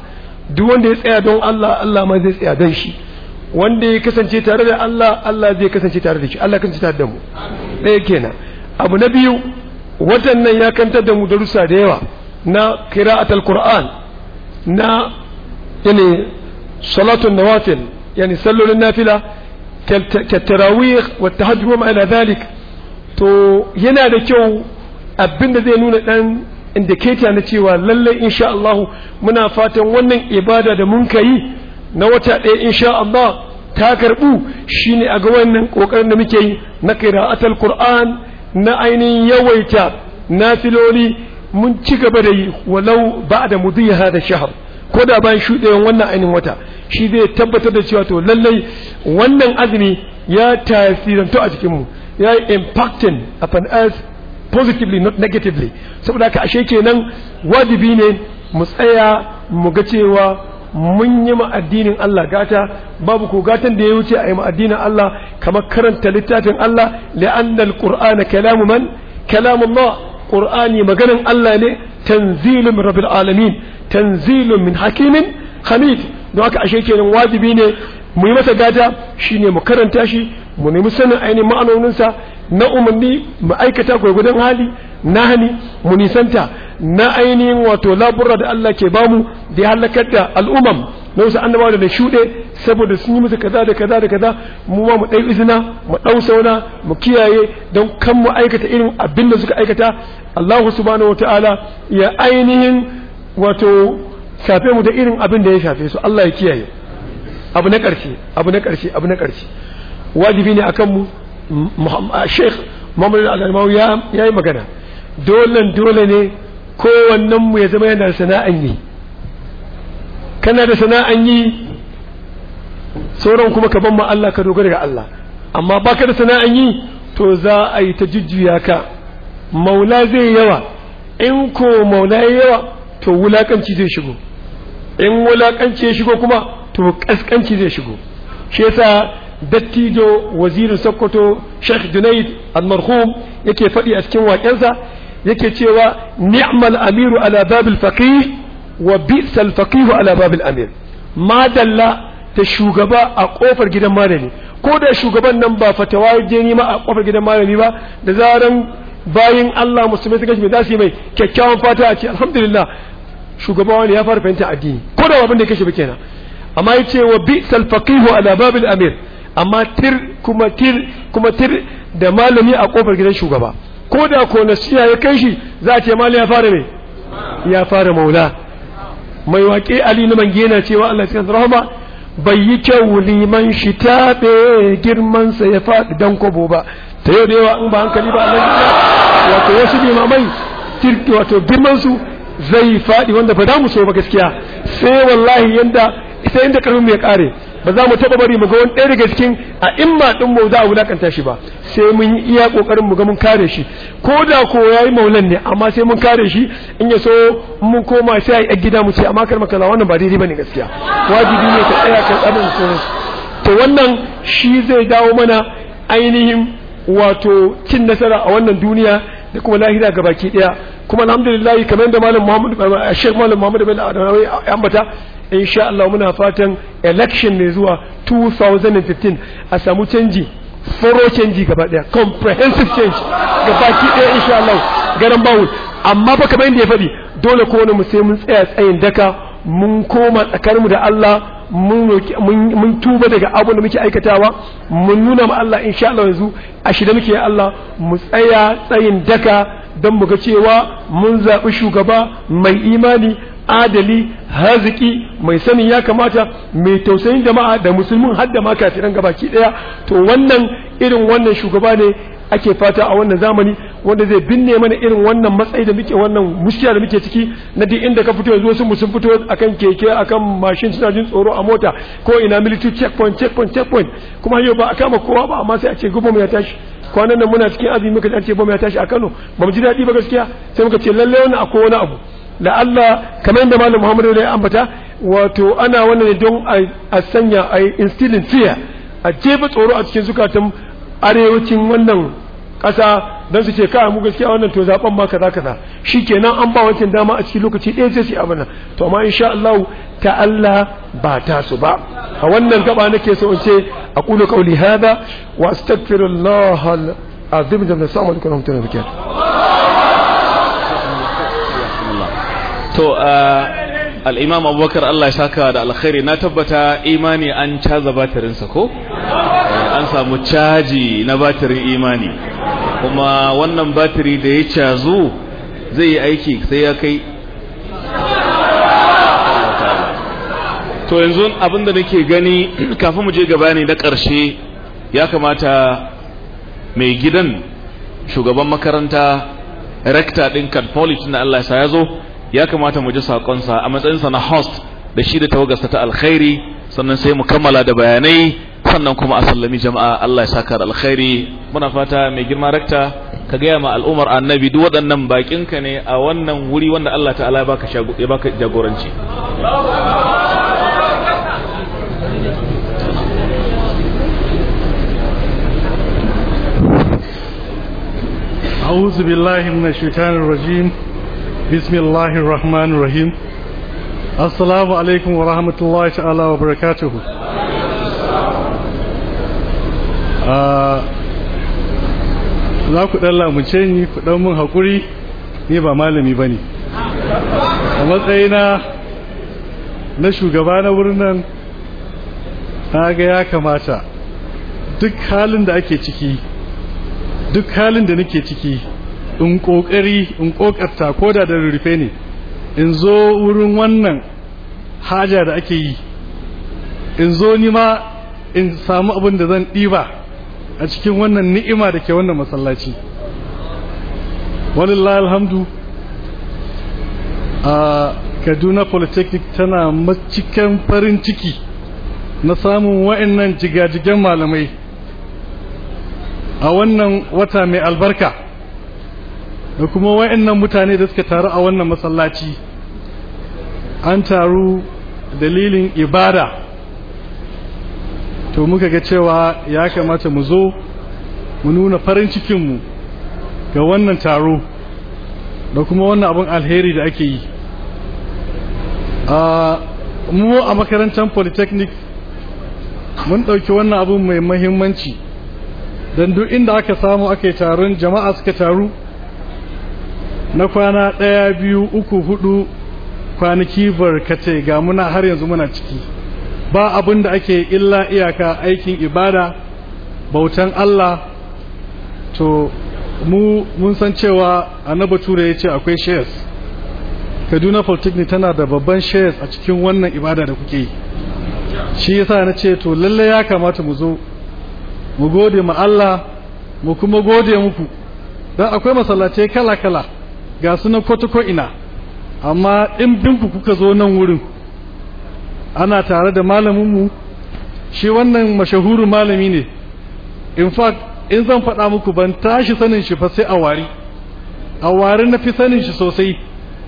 duk wanda ya tsaya don Allah Allah ma zai tsaya don shi wanda ya kasance tare da Allah Allah zai kasance tare da shi Allah kasance tare da mu ɗaya kenan abu na biyu watan nan ya kantar da mu darussa da yawa na qira'atul qur'an na yani salatun nawafil يعني صلوا للنافلة كالتراويح والتهجد وما إلى ذلك to yana da kyau abinda zai nuna ɗan indicator na cewa lallai insha Allah muna fatan wannan ibada da mun kai na wata ɗaya insha Allah ta karbu shine a ga wannan kokarin da muke yi na qira'atul Qur'an na ainihin yawaita nafiloli mun ci gaba da yi walau ba'da mudhi hada shahr ko da bayan shudewan wannan ainihin wata shi zai tabbatar da cewa to lallai wannan azumi ya tasirantu a cikinmu ya yi impacting upon us positively not negatively saboda haka ashe kenan wajibi ne mu tsaya mu ga cewa mun yi ma'addinin Allah gata babu ko gatan da ya wuce a yi ma'addinin Allah kamar karanta littafin Allah la'annal qur'ana kalamu man kalamu Allah qur'ani maganan Allah ne tanzilun rabbil alamin tanzilun min hakimin hamid don haka ashe kenan wajibi ne mu yi masa gata ne mu karanta shi mu nemi sanin ainihin ma'anoninsa na umarni mu aikata gwargwadon hali na hani mu nisanta na ainihin wato labura da Allah ke bamu da ya halakar da al'umam na wasu annabawa da shuɗe saboda sun yi musu kaza da kaza da kaza mu ma mu ɗau izina mu ɗau sauna mu kiyaye don kan mu aikata irin abin da suka aikata Allah subhanahu wa ta'ala ya ainihin wato shafe mu da irin abin da ya shafe su Allah ya kiyaye abu na ƙarshe abu na ƙarshe abu na ƙarshe wajibi ne akan mu Sheikh Muhammad Al-Almawi ya yi magana dole dole ne kowannen mu ya zama yana da sana'an yi kana da sana'an yi sauran kuma ka ban ma Allah ka dogara ga Allah amma baka da sana'an yi to za a yi ta jujjuya ka maula zai yawa in ko maula yawa to wulakanci zai shigo in wulakanci ya shigo kuma to ƙasƙanci zai shigo shi yasa dattijo wazirin sokoto sheikh junaid al-marhum yake faɗi a cikin waƙensa yake cewa ni'mal amiru ala babil faqih wa bi'sal faqih ala babil amir madalla ta shugaba a kofar gidan malami ko da shugaban nan ba fatawa je ni ma a kofar gidan malami ba da zaran bayin Allah musulmai suka ce za su yi mai kyakkyawan fata a ce alhamdulillah shugaba wani ya fara fahimta addini ko da abin da kashe ba kenan amma ya ce wa bi salfaqihu ala babil amir amma tir kuma tir kuma tir da malami a kofar gidan shugaba ko da ko nasiya ya kai shi za a ce malami ya fara me ya fara maula mai waƙe ali na mange yana cewa Allah cikin rahama bai yi kyau liman shi taɓe sa ya faɗi dan kobo ba ta yau da yawa in ba hankali ba Allah wato wasu limamai wato girmansu zai faɗi wanda ba za mu so ba gaskiya sai wallahi yanda sai inda karfin ya kare ba za mu taɓa bari mu ga wani ɗaya daga cikin a imma ɗin mu za a wulakanta shi ba sai mun yi iya ƙoƙarin mu ga mun kare shi ko da ko ya yi maulan ne amma sai mun kare shi in ya so mun koma sai a yi gida mu ce amma kar maka wannan ba daidai ba ne gaskiya wajibi ne ka tsaya ka tsarin sauransu to wannan shi zai dawo mana ainihin wato cin nasara a wannan duniya da kuma lahira ga baki daya kuma alhamdulillah kamar da malam Muhammad eh, Sheikh Malam Muhammad bin amata ambata insha Allah muna fatan election mai zuwa 2015 a samu canji foro canji gaba daya comprehensive change gaba ki daya insha Allah garan bawul amma fa kamar yadda ya faɗi dole wani mu sai mun tsaya tsayin daka mun koma tsakar mu da Allah mun tuba daga abun da muke aikatawa mun nuna ma Allah insha Allah yanzu a shida muke Allah mu tsaya tsayin daka don mu ga cewa mun zaɓi shugaba mai imani adali haziki mai sanin ya kamata mai tausayin jama'a da musulmin hadda ma kafiran ki daya to wannan irin wannan shugaba ne ake fata a wannan zamani wanda zai binne mana irin wannan matsayi da muke wannan muskiya da muke ciki na duk inda ka fito yanzu wasu sun fito akan keke akan mashin suna jin tsoro a mota ko ina military checkpoint checkpoint checkpoint kuma yau ba a kama kowa ba amma sai a ce mu ya tashi kwanan nan muna cikin azumi muka ji ba ce tashi a Kano ba mu ji daɗi ba gaskiya sai muka ce lalle wannan akwai wani abu da Allah kamar yadda malam Muhammadu ya ambata wato ana wannan ne don a sanya a instilling fear a jefa tsoro a cikin zukatun arewacin wannan ƙasa don su ce kai mu gaskiya wannan to zaben ma kaza kaza shikenan an ba wancan dama a cikin lokaci ɗaya sai su abana to amma insha Allah ta Allah ba ta su ba a wannan gaba nake so in ce aqulu qawli hadha wa astaghfirullah al-azim da nasamu alaikum wa rahmatullahi wa barakatuh to uh, al'imam abubakar Allah ya saka da alkhairi na tabbata imani an caza batirinsa ko? Eh, an samu caji na batirin imani kuma wannan batiri da ya cazu zai yi aiki sai ya kai to yanzu abinda nake gani kafin mu je gaba ne na ƙarshe ya kamata mai gidan shugaban makaranta rekta ɗin katholik na Allah ya zo ya kamata mu ji saƙonsa a matsayin sa na host da shi da tawagarsa ta alkhairi sannan sai mu kammala da bayanai sannan kuma a sallami jama'a Allah ya saka da alkhairi muna fata mai girma rakta ka gaya ma al'umar annabi duk waɗannan bakinka ne a wannan wuri wanda Allah ta'ala ya baka ya baka jagoranci أعوذ بالله من الشيطان الرجيم بسم الله الرحمن الرحيم السلام عليكم ورحمة الله تعالى وبركاته za ku ɗan lamuce ni ku ɗan mun haƙuri ni ba malami ba ne a matsayina na shugaba na wurin nan na ga ya kamata duk halin da ake ciki duk halin da nake ciki in ƙoƙari in ƙoƙarta ko da da rufe ne in zo wurin wannan haja da ake yi in zo ni ma in samu abin da zan ɗiba a cikin wannan ni'ima da ke wannan masallaci walillahi alhamdu a kaduna polytechnic tana macikan farin ciki na samun wa'annan jigajigen malamai a wannan wata mai albarka da kuma wa'annan mutane da suka taru a wannan masallaci an taru dalilin ibada to muka ga cewa ya kamata mu zo mu nuna farin cikinmu ga wannan taro da kuma wannan abin alheri da ake yi mu a makarantar polytechnic mun ɗauki wannan abin mai mahimmanci don duk inda aka samu aka yi taron jama'a suka taru na kwana ɗaya biyu uku hudu kwanaki barkatai ga muna har yanzu muna ciki ba abin da ake illa iyaka aikin ibada bautan Allah to mu mun san cewa annabi ture ya ce akwai shares kaduna polytechnic tana da babban shares a cikin wannan ibada da kuke yi shi yasa na ce to lalle ya kamata mu zo mu gode ma Allah mu kuma gode muku don akwai masallatai kala-kala ga su na ko ina amma in binku kuka zo nan wurin ana tare da malaminmu shi wannan mashahuru malami ne in fact in zan faɗa muku ban tashi sanin shi fa sai a wari a wari na fi sanin shi sosai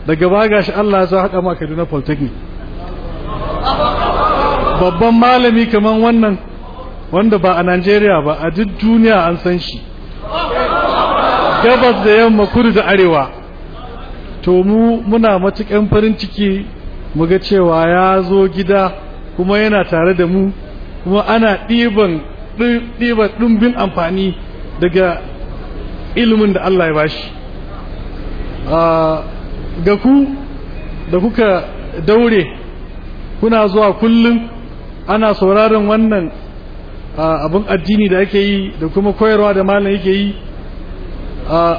daga baga shi Allah ya haƙa maka Kaduna Polytechnic babban malami kaman wannan wanda ba a Najeriya ba a duk duniya an san shi gabas da yamma kudu da arewa to mu muna matuƙan farin ciki muga cewa ya zo gida kuma yana tare da mu kuma ana ɗiban ɗumbin amfani daga ilimin da Allah ya bashi ga ku da kuka daure kuna zuwa kullum ana sauraron wannan abin addini da ake yi da kuma koyarwa da malam yake yi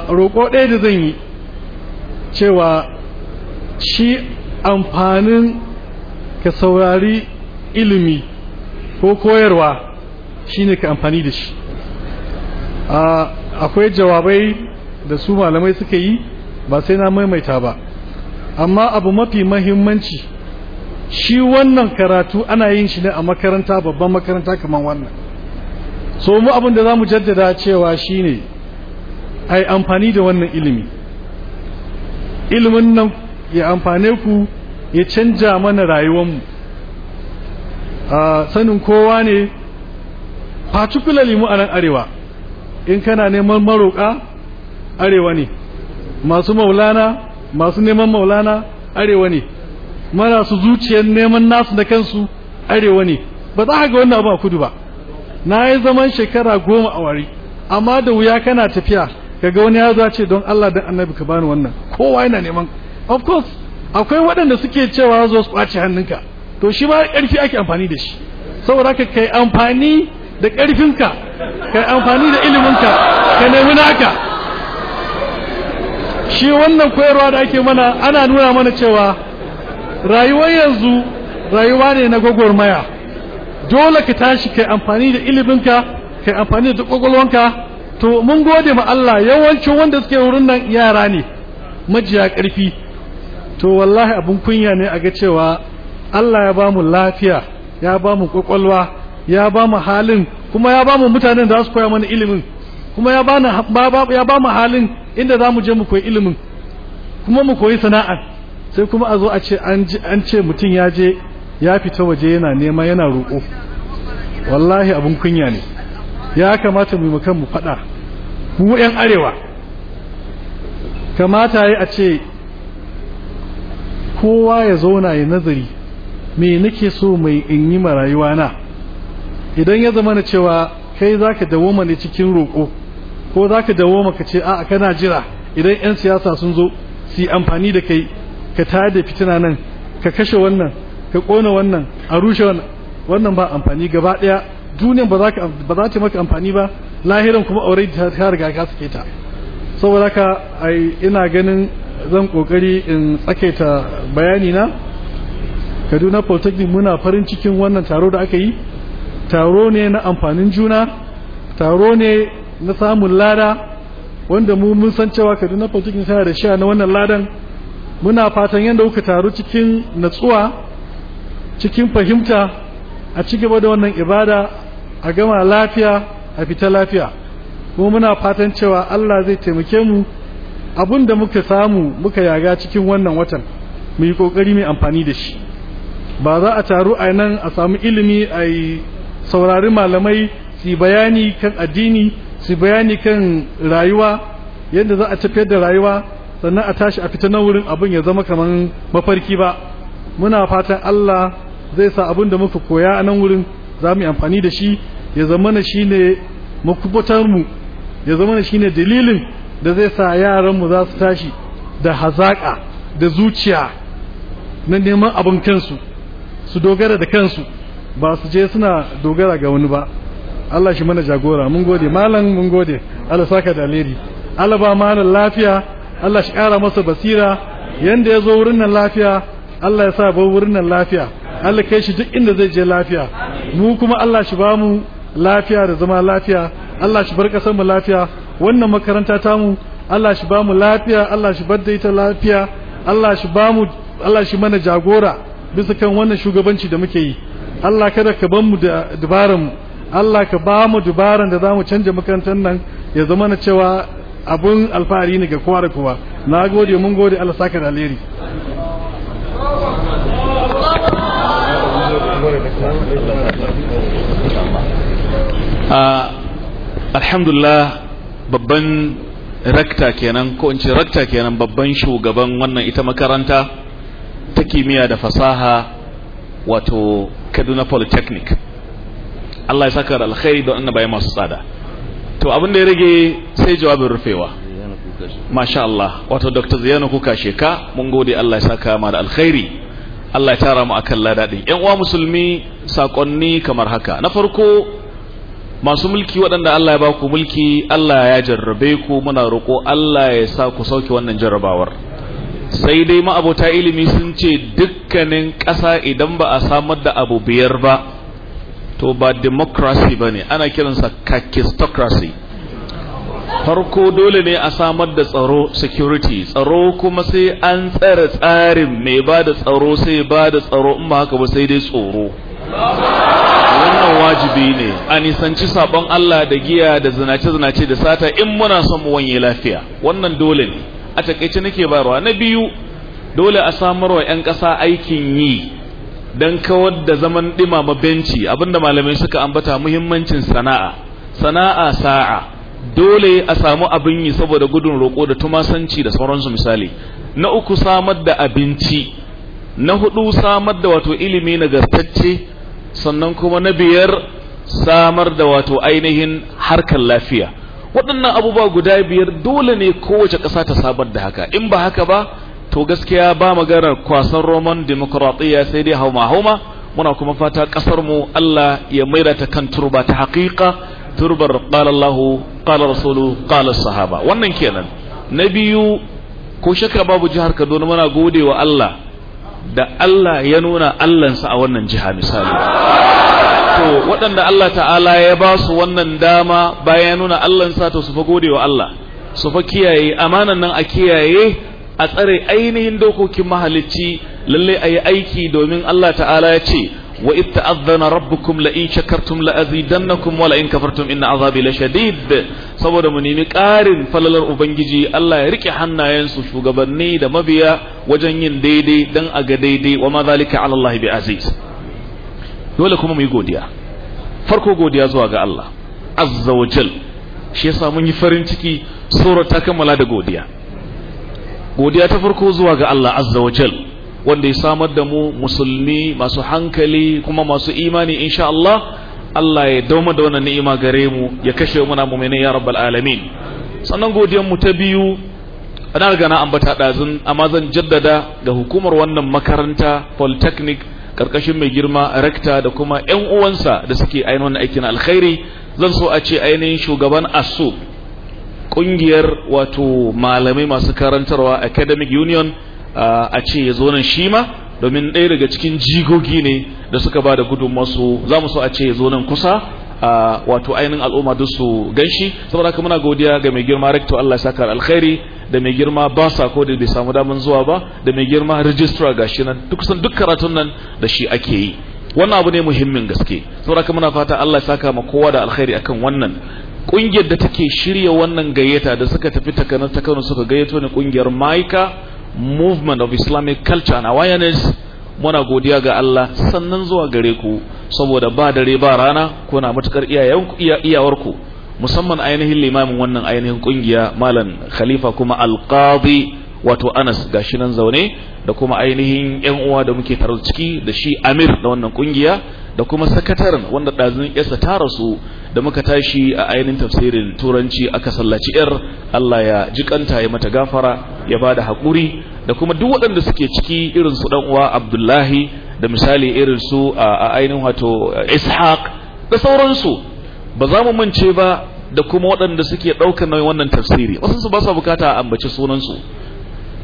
roƙo ɗaya da zan yi cewa shi amfanin ka saurari ilimi ko koyarwa shine ka amfani da shi akwai jawabai da su malamai suka yi ba sai na maimaita ba amma abu mafi mahimmanci shi wannan karatu ana yin shi ne a makaranta babban makaranta kamar wannan so mu abin da za mu jaddada cewa shine ai amfani da wannan ilimi ilimin nan ya amfane ku ya canja mana rayuwanmu a sanin kowa ne particularly mu a nan arewa in kana neman maroƙa arewa ne masu maulana masu neman maulana arewa ne marasu zuciyar neman nasu da kansu arewa ne ba za ga wannan abu a kudu ba na yi zaman shekara goma a wari amma da wuya kana tafiya kaga wani ya zace ce don Allah dan annabi ka bani wannan kowa yana neman of course akwai waɗanda suke cewa zo su ɓace hannunka to shi ba ƙarfi ake amfani da shi saboda ka kai amfani da ƙarfinka kai amfani da iliminka ka nemi naka shi wannan koyarwa da ake mana ana nuna mana cewa rayuwar yanzu rayuwa ne na gwagwarmaya dole ka tashi kai amfani da iliminka kai amfani da kwakwalwanka to mun gode ma Allah yawancin wanda suke wurin nan yara ne majiya ƙarfi to wallahi abun kunya ne a ga cewa Allah ya bamu lafiya ya bamu kwakwalwa ya bamu halin kuma ya bamu mutanen da za su koya mana ilimin kuma ya bani ya bamu halin inda za mu je mu koyi ilimin kuma mu koyi sana'a sai kuma a zo a ce an ce mutum ya je ya fita waje yana nema yana roƙo wallahi abun kunya ne ya kamata mu yi mu faɗa mu 'yan arewa kamata ya a ce kowa ya zauna ya nazari me nake so mai in yi ma rayuwa na idan ya zama na cewa kai zaka dawoma ne cikin roƙo ko zaka dawoma ka ce a'a kana jira idan yan siyasa sun zo su yi amfani da kai ka tayar da fitina nan ka kashe wannan ka kona wannan a rushe wannan wannan ba amfani gaba daya duniyan ba za ka ba ta maka amfani ba lahiran kuma aure ta riga ka suke ta saboda ka ai ina ganin zan kokari in tsakaita bayani na kaduna polytechnic muna farin cikin wannan taro da aka yi taro ne na amfanin juna taro ne na samun lada wanda mu mun san cewa kaduna polytechnic tana da sha na wannan ladan muna fatan yadda kuka taru cikin natsuwa cikin fahimta a cigaba da wannan ibada a gama lafiya a fita lafiya kuma muna fatan cewa allah zai taimake mu abun da muka samu muka yaga cikin wannan watan mu yi kokari mai amfani da shi ba za a taru a nan a samu ilimi a saurari malamai su bayani kan addini su bayani kan rayuwa yadda za a tafiyar da rayuwa sannan a tashi a fita na wurin abin ya zama kaman mafarki ba muna fatan Allah zai sa abin da muka koya a nan wurin za mu yi amfani da shi ya zama na shi ne makubatarmu ya zama na shi ne dalilin da zai sa yaranmu za su tashi da hazaƙa da zuciya na neman abin kansu su dogara da kansu ba su je suna dogara ga wani ba Allah shi mana jagora mun gode malam mun gode Allah saka da alheri Allah ba malam lafiya Allah shi ƙara masa basira yanda ya zo wurin nan lafiya Allah ya sa ba wurin nan lafiya Allah kai shi duk inda zai je lafiya mu kuma Allah shi ba mu lafiya da zama lafiya Allah shi bar ƙasar mu lafiya wannan makaranta tamu Allah shi ba mu lafiya Allah shi bar da ita lafiya Allah shi mu Allah shi mana jagora bisa kan wannan shugabanci da muke yi Allah kada ka ban mu da dubaran mu Allah ka ba mu dubaran da zamu canja makarantar nan ya zama na cewa abun alfahari ne ga kowa da kowa na gode mun gode Allah saka da alheri ah, alhamdulillah babban rakta kenan ko in ce rakta kenan babban shugaban wannan ita makaranta ta kimiyya da fasaha wato kaduna polytechnic Allah ya saka da alkhairi don annaba masu tsada to abin da ya rage sai jawabin rufewa masha Allah wato dr Ziyana kuka sheka mun gode Allah ya saka ma da alkhairi Allah ya tara mu akan ladadin yan uwa musulmi sakonni kamar haka na farko masu mulki waɗanda Allah ya ba ku mulki Allah ya jarrabe ku muna roƙo Allah ya sa ku sauke wannan jarrabawar sai dai ma'abota ilimi sun ce dukkanin ƙasa idan ba a samar da abu biyar ba to ba democracy ba ne ana kiransa kakistocracy farko dole ne a samar da tsaro security tsaro kuma sai an tsare tsarin mai ba da tsaro sai ba da tsaro in ba haka ba sai dai tsoro wannan wajibi ne a nisanci sabon Allah da giya da zinace-zinace da sata in muna son mu wanye lafiya wannan dole ne a takaice nake bayarwa na biyu dole a samarwa 'yan ƙasa aikin yi don kawar da zaman ɗimama benci abinda malamai suka ambata muhimmancin sana'a sana'a sa'a dole a samu abin yi saboda gudun roƙo da tumasanci da sauransu misali na uku samar da abinci na hudu samar da wato ilimi nagartacce sannan kuma na biyar samar da wato ainihin harkar lafiya waɗannan abubuwa guda biyar dole ne kowace ƙasa ta sabar da haka in ba haka ba to gaskiya ba maganar kwasan roman demokuraɗiyya sai dai hauma hauma muna kuma fata ƙasar mu Allah ya maida ta kan turba ta haƙiƙa turbar qala Allahu qala rasulu sahaba wannan kenan na biyu ko shakka babu jihar Kaduna muna gode wa Allah da Allah ya nuna Allahnsa a wannan jiha misali to waɗanda Allah ta'ala ya ba su wannan dama bayan ya nuna Allahnsa to su fa gode wa Allah su fa kiyaye amanan nan a kiyaye a tsare ainihin dokokin mahalicci lallai a yi aiki domin Allah ta'ala ya ce wa ita azana rabbukum la in shakartum la azidannakum wa la in kafartum inna azabi la shadid saboda mu nemi ƙarin falalar ubangiji Allah ya rike su shugabanni da mabiya wajen yin daidai dan a ga daidai wa ma zalika ala bi aziz dole kuma mu yi godiya farko godiya zuwa ga Allah azza wa jal shi yasa mun yi farin ciki sura ta kammala da godiya godiya ta farko zuwa ga Allah azza wa jal wanda ya samar da mu musulmi masu hankali kuma masu imani insha Allah Allah ya dauma da wannan ni'ima gare mu ya kashe muna mu'minin ya rabbal alamin sannan godiyar mu ta biyu ana gana na ambata dazun amma zan jaddada ga hukumar wannan makaranta polytechnic karkashin mai girma rekta da kuma yan uwansa da suke ainihin aikin alkhairi zan so a ce ainihin shugaban asu kungiyar wato malamai masu karantarwa academic union a ce ya zo nan shi ma domin ɗaya daga cikin jigogi ne da suka ba da gudun masu za mu so a ce ya zo nan kusa wato ainihin al'umma duk su ganshi saboda haka muna godiya ga mai girma rector Allah ya saka alkhairi da mai girma ba sa ko da bai samu damar zuwa ba da mai girma registrar gashi nan duk san duk karatun nan da shi ake yi wannan abu ne muhimmin gaske saboda haka muna fata Allah ya saka ma kowa da alkhairi akan wannan kungiyar da take shirya wannan gayyata da suka tafi takanar ta suka gayyato ne kungiyar Maika movement of islamic culture and awareness muna godiya ga Allah sannan zuwa gare ku saboda ba dare ba rana kuna matukar iyawarku musamman ainihin limamin wannan ainihin kungiya malam khalifa kuma alqadi wato Anas gashi nan zaune da kuma ainihin yan uwa da muke tare ciki da shi Amir da wannan kungiya da kuma sakataren wanda ɗazin yasa ta rasu da muka tashi a ainihin tafsirin turanci aka sallaci yar Allah ya jikanta ya mata gafara ya bada haƙuri da kuma duk waɗanda suke ciki irin su dan uwa Abdullahi da misali irin su a ainihin wato Ishaq da sauransu ba za mu mance ba da kuma waɗanda suke ɗaukar nauyin wannan tafsiri wasu su ba bukata a ambaci sunansu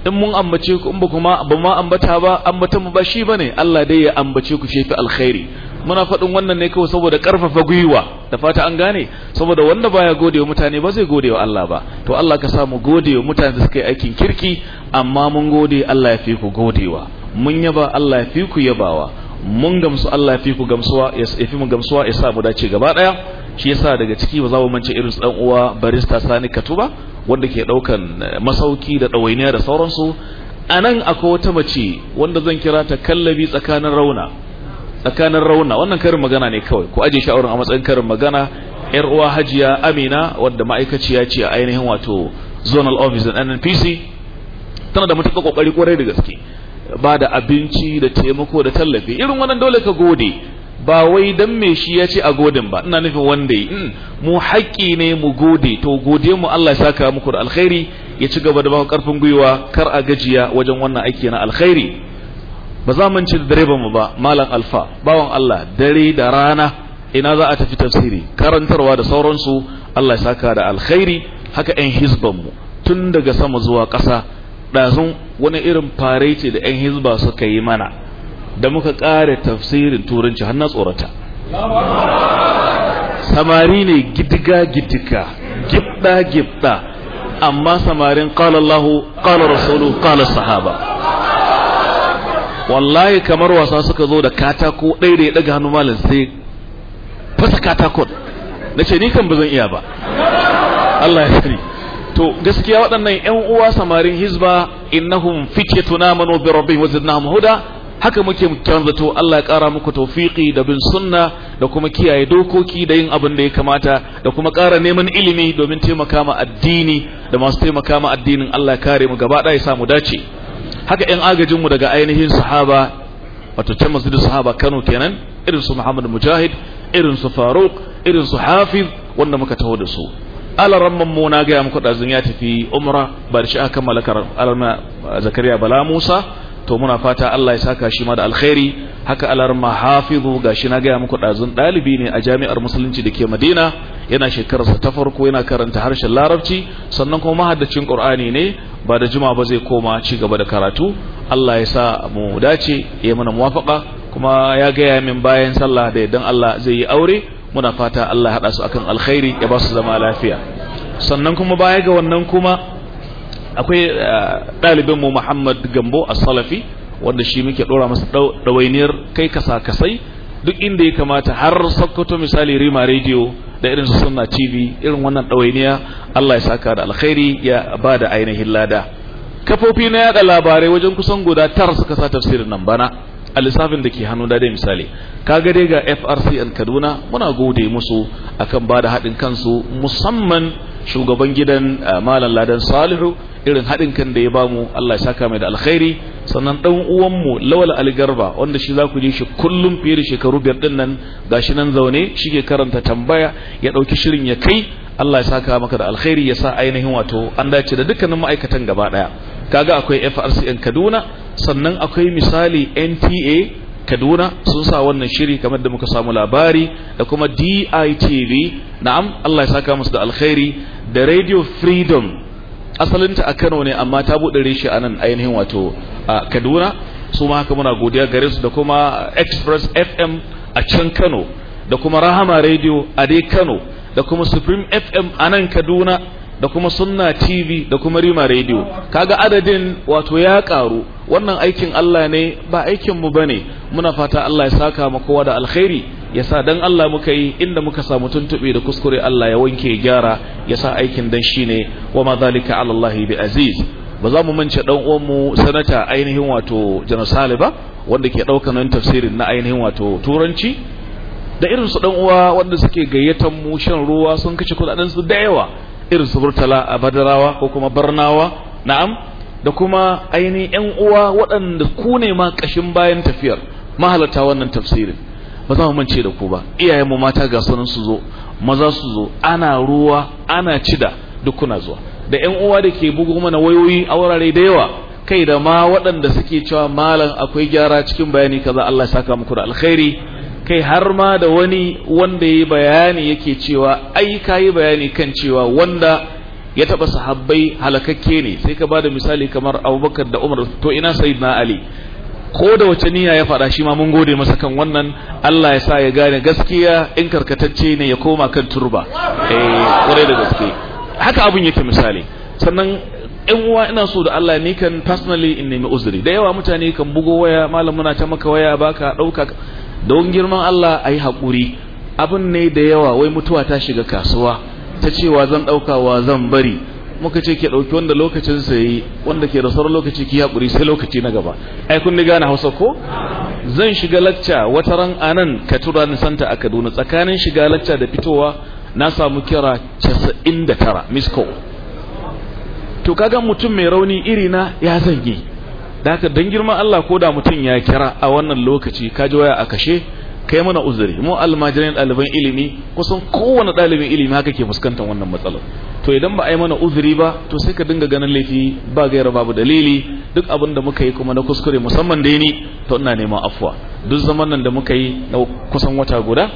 in mun ambace ku in ba kuma ba ma ambata ba ambatan mu ba shi bane Allah dai ya ambace ku shefi alkhairi muna faɗin wannan ne kawai saboda ƙarfafa gwiwa da fata an gane saboda wanda baya gode wa mutane ba zai gode wa Allah ba to Allah ka samu gode wa mutane da suka yi aikin kirki amma mun gode Allah ya fi ku godewa mun yaba Allah ya fi ku yabawa mun gamsu Allah ya fi ku gamsuwa ya fi mu gamsuwa ya sa mu dace gaba daya shi yasa daga ciki ba za mu mance irin dan uwa barista Sani Katuba wanda ke daukan eh, masauki da dawainiya da sauransu anan akwai wata mace wanda zan kira ta kallabi tsakanin rauna tsakanin rauna wannan karin magana ne kawai ku aje shawarar a matsayin karin magana yar uwa hajiya amina wadda ya ce a ainihin wato zonal office da nnpc tana da matuƙa ƙoƙari ƙwarai da gaske ba da abinci da taimako da tallafi irin wannan dole ka gode ba wai dan me shi ya ce a godin ba ina nufin wanda yi mm. mu haƙƙi ne mu gode to gode mu Allah ya saka muku da alkhairi ya ci gaba da ba ƙarfin gwiwa kar a gajiya wajen wannan aiki na alkhairi ba za mun ci da direban mu ba malam alfa bawan Allah dare da rana ina za a tafi tafsiri karantarwa da sauransu Allah ya saka da alkhairi haka ɗan hizban mu tun daga sama zuwa ƙasa ɗazun wani irin faraice da ɗan hizba suka yi mana da muka ƙare tafsirin turanci har na tsorata samari ne gidiga gidiga gibda gibda amma samarin qala Allahu qala rasulu qala sahaba wallahi kamar wasa suka zo da katako ɗaya da ya ɗaga hannu malin sai fasa katakon na ce ni kan ba zan iya ba Allah ya sani to gaskiya waɗannan ƴan uwa samarin hizba innahum fityatun namanu bi rabbihim wa zidnahum huda haka muke kyan Allah ya ƙara muku tawfiqi da bin sunna da kuma kiyaye dokoki da yin abin da ya kamata da kuma ƙara neman ilimi domin taimaka ma addini da masu taimaka ma addinin Allah ya kare mu gaba ɗaya ya samu dace haka yan agajinmu daga ainihin sahaba wato can masu sahaba kano kenan irin su muhammad mujahid irin su faruk irin su hafiz wanda muka taho da su alaramman mu na gaya muku ɗazin ya tafi umra ba da shi aka kammala alarma zakariya bala musa to muna fata allah ya saka shi ma da alkhairi haka alarma hafizu ga shi na gaya muku ɗazin ɗalibi ne a jami'ar musulunci da ke madina yana shekararsa ta farko yana karanta harshen larabci sannan kuma mahaddacin qur'ani ne ba da juma ba zai koma ci gaba da karatu Allah ya sa mu dace ya mana muwafaka kuma ya gaya min bayan sallah da idan Allah zai yi aure muna fata Allah ya haɗa su akan alkhairi ya ba su zama lafiya sannan kuma baya ga wannan kuma akwai eh, ɗalibin mu Muhammad Gambo a salafi wanda shi muke ɗora masa ɗawainiyar kai kasa kasai duk inda ya kamata har sakkwato misali rima rediyo da irin su sunna tv irin wannan ɗawainiya allah ya saka da alkhairi ya ba da ainihin lada kafofi na yada labarai wajen kusan guda tara suka sa tafsirin nan bana a lissafin da ke hannu da dai misali kaga dai ga an kaduna muna gode musu akan ba da haɗin kansu musamman shugaban gidan eh, malam ladan salihu irin haɗin kan da ya bamu allah ya saka mai da alkhairi sannan dan mu lawal algarba wanda shi za ku ji shi kullum fiye da shekaru biyar din nan gashi nan zaune shi ke karanta tambaya ya ɗauki shirin ya kai Allah ya saka maka da alkhairi ya sa ainihin wato an dace da dukkanin ma'aikatan gaba ɗaya kaga akwai FRCN Kaduna sannan akwai misali NTA Kaduna sun sa wannan shiri kamar da muka samu labari da kuma DITV na'am Allah ya saka musu da alkhairi da Radio Freedom asalinta a Kano ne amma ta buɗe reshe a nan ainihin wato kaduna su ma haka muna godiya gare su da kuma express fm a can kano da kuma rahama radio a dai kano da kuma supreme fm a nan kaduna da kuma sunna tv da kuma rima radio kaga adadin wato ya karu wannan aikin allah ne ba aikin mu bane muna fata allah ya saka mu kowa da alkhairi ya sa dan allah muka yi inda muka samu tuntube da kuskure allah ya wanke gyara ya sa aikin dan shine wa ma zalika ala allah bi aziz ba za mu mance dan uwanmu sanata ainihin wato Janarsale ba wanda ke ɗaukan nan tafsirin na ainihin wato turanci da irin su dan uwa wanda suke gayyatan mu shan ruwa sun kace kudaden su da yawa irin su burtala a badarawa ko kuma barnawa na'am da kuma ainihin yan uwa waɗanda ku ne ma kashin bayan tafiyar mahalarta wannan tafsirin ba za mu mance da ku ba iyayen mu mata ga sunan su zo maza su zo ana ruwa ana cida duk kuna zuwa da ƴan uwa da ke bugu mana wayoyi a wurare da yawa kai da ma waɗanda suke cewa malam akwai gyara cikin bayani kaza Allah ya saka muku da alkhairi kai har ma da wani wanda yayi bayani yake cewa ai kai bayani kan cewa wanda ya taba sahabbai halakakke ne sai ka bada misali kamar Abubakar da Umar to ina Sayyidina Ali ko da wace niyya ya faɗa shi ma mun gode masa kan wannan Allah ya sa ya gane gaskiya in karkatacce ne ya koma kan turba eh da gaske haka abin yake misali sannan yan uwa ina so da Allah ni kan personally in nemi uzuri da yawa mutane kan bugo waya malam muna ta maka waya baka dauka don girman Allah ayi hakuri abin ne da yawa wai mutuwa ta shiga kasuwa ta cewa zan dauka wa zan bari muka ce ke dauki wanda lokacin sa yi wanda ke da sauran lokaci ki hakuri sai lokaci na gaba ai kun ni gane Hausa ko zan shiga lacca wataran anan ka tura ni santa a Kaduna tsakanin shiga lacca da fitowa na samu kira 99 miss call to kaga mutum mai rauni iri na ya zanyi da haka dan girman Allah ko da mutum ya kira a wannan lokaci ka ji waya a kashe kai mana uzuri mu almajirin ɗaliban ilimi kusan kowane ɗalibin ilimi haka ke fuskantar wannan matsalar to idan ba a yi mana uzuri ba to sai ka dinga ganin laifi ba gaira babu dalili duk abin da muka yi kuma na kuskure musamman da ni to ina neman afuwa duk zaman nan da muka yi na kusan wata guda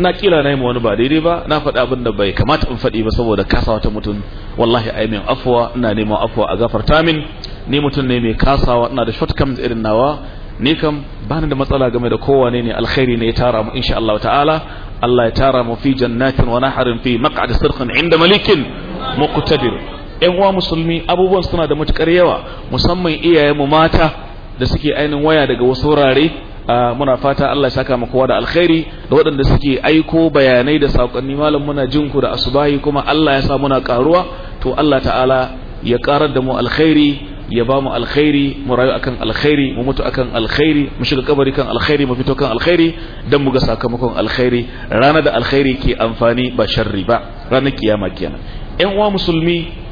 na kila na yi wani ba daidai ba na faɗi abin da bai kamata in faɗi ba saboda kasawa ta mutum wallahi ai min afuwa ina neman afuwa a gafarta min ni mutum ne mai kasawa ina da shortcomings irin nawa ni kam bani da matsala game da kowane ne alkhairi ne ya tara mu insha Allah ta'ala Allah ya tara mu fi jannatin wa naharin fi maq'ad sirqin inda malikin muqtadir yan uwa musulmi abubuwan suna da matukar yawa musamman iyayen mu mata da suke ainin waya daga wasu wurare Ah, muna fata Allah ya saka mu kowa da alkhairi da waɗanda suke aiko bayanai da sakonni malam muna jin ku da asubahi kuma Allah ya sa muna karuwa to Allah ta'ala ya karar da mu alkhairi ya ba mu alkhairi mu rayu akan alkhairi mu mutu akan alkhairi mu shiga kabari kan alkhairi mu fito kan alkhairi dan mu ga sakamakon alkhairi rana da alkhairi ke amfani ba sharri ba ranar kiyama kenan ƴan uwa musulmi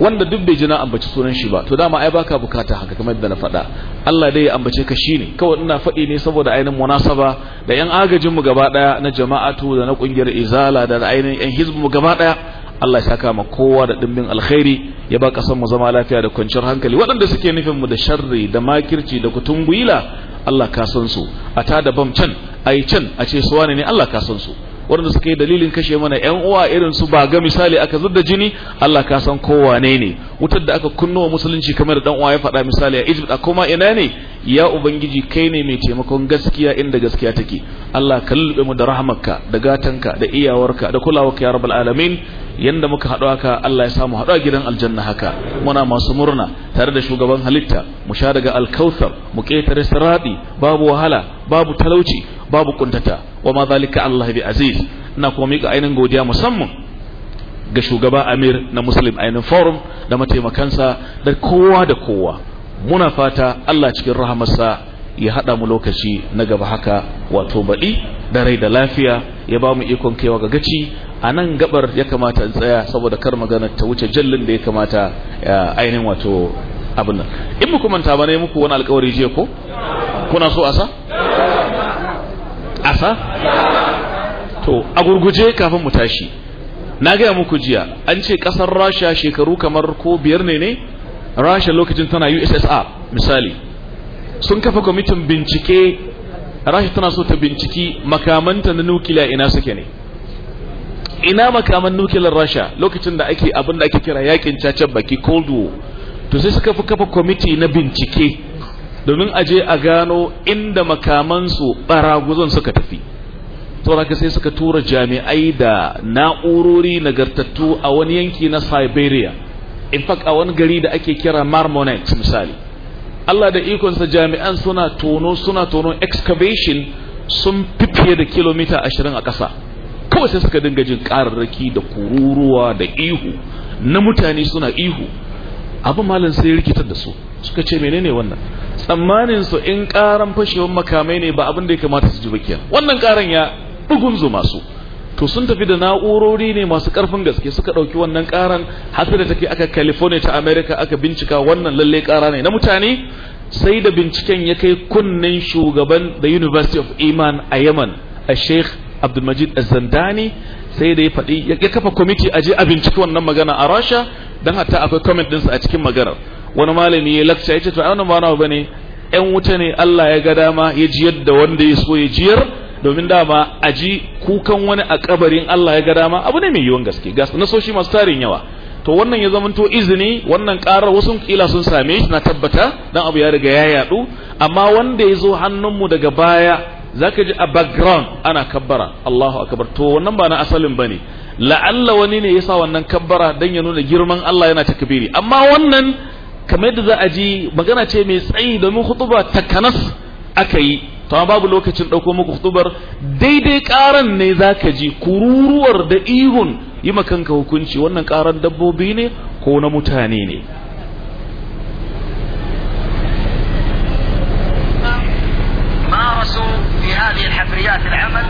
wanda duk bai jina ambaci sunan shi ba to dama ai baka bukata haka kamar yadda na faɗa Allah dai ya ambace ka shi shine kawai ina faɗi ne saboda ainihin munasaba da yan agajin mu gaba daya na jama'atu da na kungiyar izala da ainin yan hizbu mu gaba daya Allah ya saka ma kowa da dimbin alkhairi ya ba kasan mu zama lafiya da kwanciyar hankali waɗanda suke nufin mu da sharri da makirci da kutungwila Allah ka san su a ta da bam can ai can a ce suwane ne Allah ka san su waɗanda suka yi dalilin kashe mana yan uwa irin su ba ga misali aka zudda jini Allah ka san kowane ne wutar da aka kunno wa musulunci kamar da dan uwa ya faɗa misali a Egypt a koma ina ne ya ubangiji kai ne mai taimakon gaskiya inda gaskiya take Allah ka lulube mu da rahamarka da gatanka da iyawarka da kulawarka ya rabbal alamin yanda muka haɗu haka Allah ya samu haɗu a gidan aljanna haka muna masu murna tare da shugaban halitta mu sha daga alkautar mu ƙetare sirati babu wahala babu talauci babu kuntata wa ma zalika Allah bi aziz ina kuma mika ainihin godiya musamman ga shugaba Amir na Muslim ainihin forum da mataimakansa da kowa da kowa muna fata Allah cikin rahamarsa ya haɗa mu lokaci na gaba haka wato baɗi da rai da lafiya ya ba mu ikon kaiwa ga gaci a nan gabar ya kamata in tsaya saboda kar magana ta wuce jallin da ya kamata ainihin wato abin nan in muku manta ba ne muku wani alkawari jiya ko kuna so asa asa to a gurguje kafin mu tashi na gaya muku jiya an ce kasar rasha shekaru kamar ko biyar ne ne rasha lokacin tana ussr misali sun kafa kwamitin bincike rasha tana so ta binciki makamanta na nukiliya ina suke ne ina makaman nuclear rasha lokacin da ake abin da ake kira yakin cacen baki Cold War to sai suka fi kafa kwamiti na bincike domin a je a gano inda makamansu baraguzon suka tafi sauraka sai suka tura jami'ai da na'urori nagartattu a wani yanki na Siberia in fact a wani gari da ake kira Marmonet misali Allah da ikonsa jami'an suna tono suna tono excavation sun fifiye da kilomita ashirin a ƙasa kawai sai suka dinga jin ƙararraki da kururuwa da ihu na mutane suna ihu abin malam sai rikitar da su suka ce menene wannan tsammanin su in ƙaran fashewar makamai ne ba abin da ya kamata su ji ba kenan wannan ƙaran ya bugun zo masu to sun tafi da na'urori ne masu ƙarfin gaske suka ɗauki wannan ƙaran hafi da take aka california ta america aka bincika wannan lalle ƙara ne na mutane sai da binciken ya kai kunnen shugaban da university of iman a yaman a sheikh abdulmajid Zandani sai da ya faɗi ya kafa kwamiti a je a binciki wannan magana a rasha don hatta akwai comment sa a cikin maganar wani malami ya lakca ya ce to wannan ba nawa ne yan wuta ne Allah ya ga dama ya jiyar da wanda ya so ya jiyar domin dama a ji kukan wani a kabarin Allah ya ga dama abu ne mai yawan gaske gas na soshi masu tarin yawa to wannan ya zamanto izini wannan karar wasu kila sun same shi na tabbata dan abu ya riga ya yadu amma wanda ya zo hannunmu daga baya zaka ji a background ana kabbara Allahu akbar to wannan ba na asalin bane la'alla wani ne yasa wannan kabbara dan ya nuna girman Allah yana takbiri amma wannan kamar yadda za a ji magana ce mai tsayi domin khutuba takanas aka yi to babu lokacin ɗauko muku khutubar daidai karan ne zaka ji kururuwar da ihun yi makanka hukunci wannan karan dabbobi ne ko na mutane ne هذه الحفريات العمل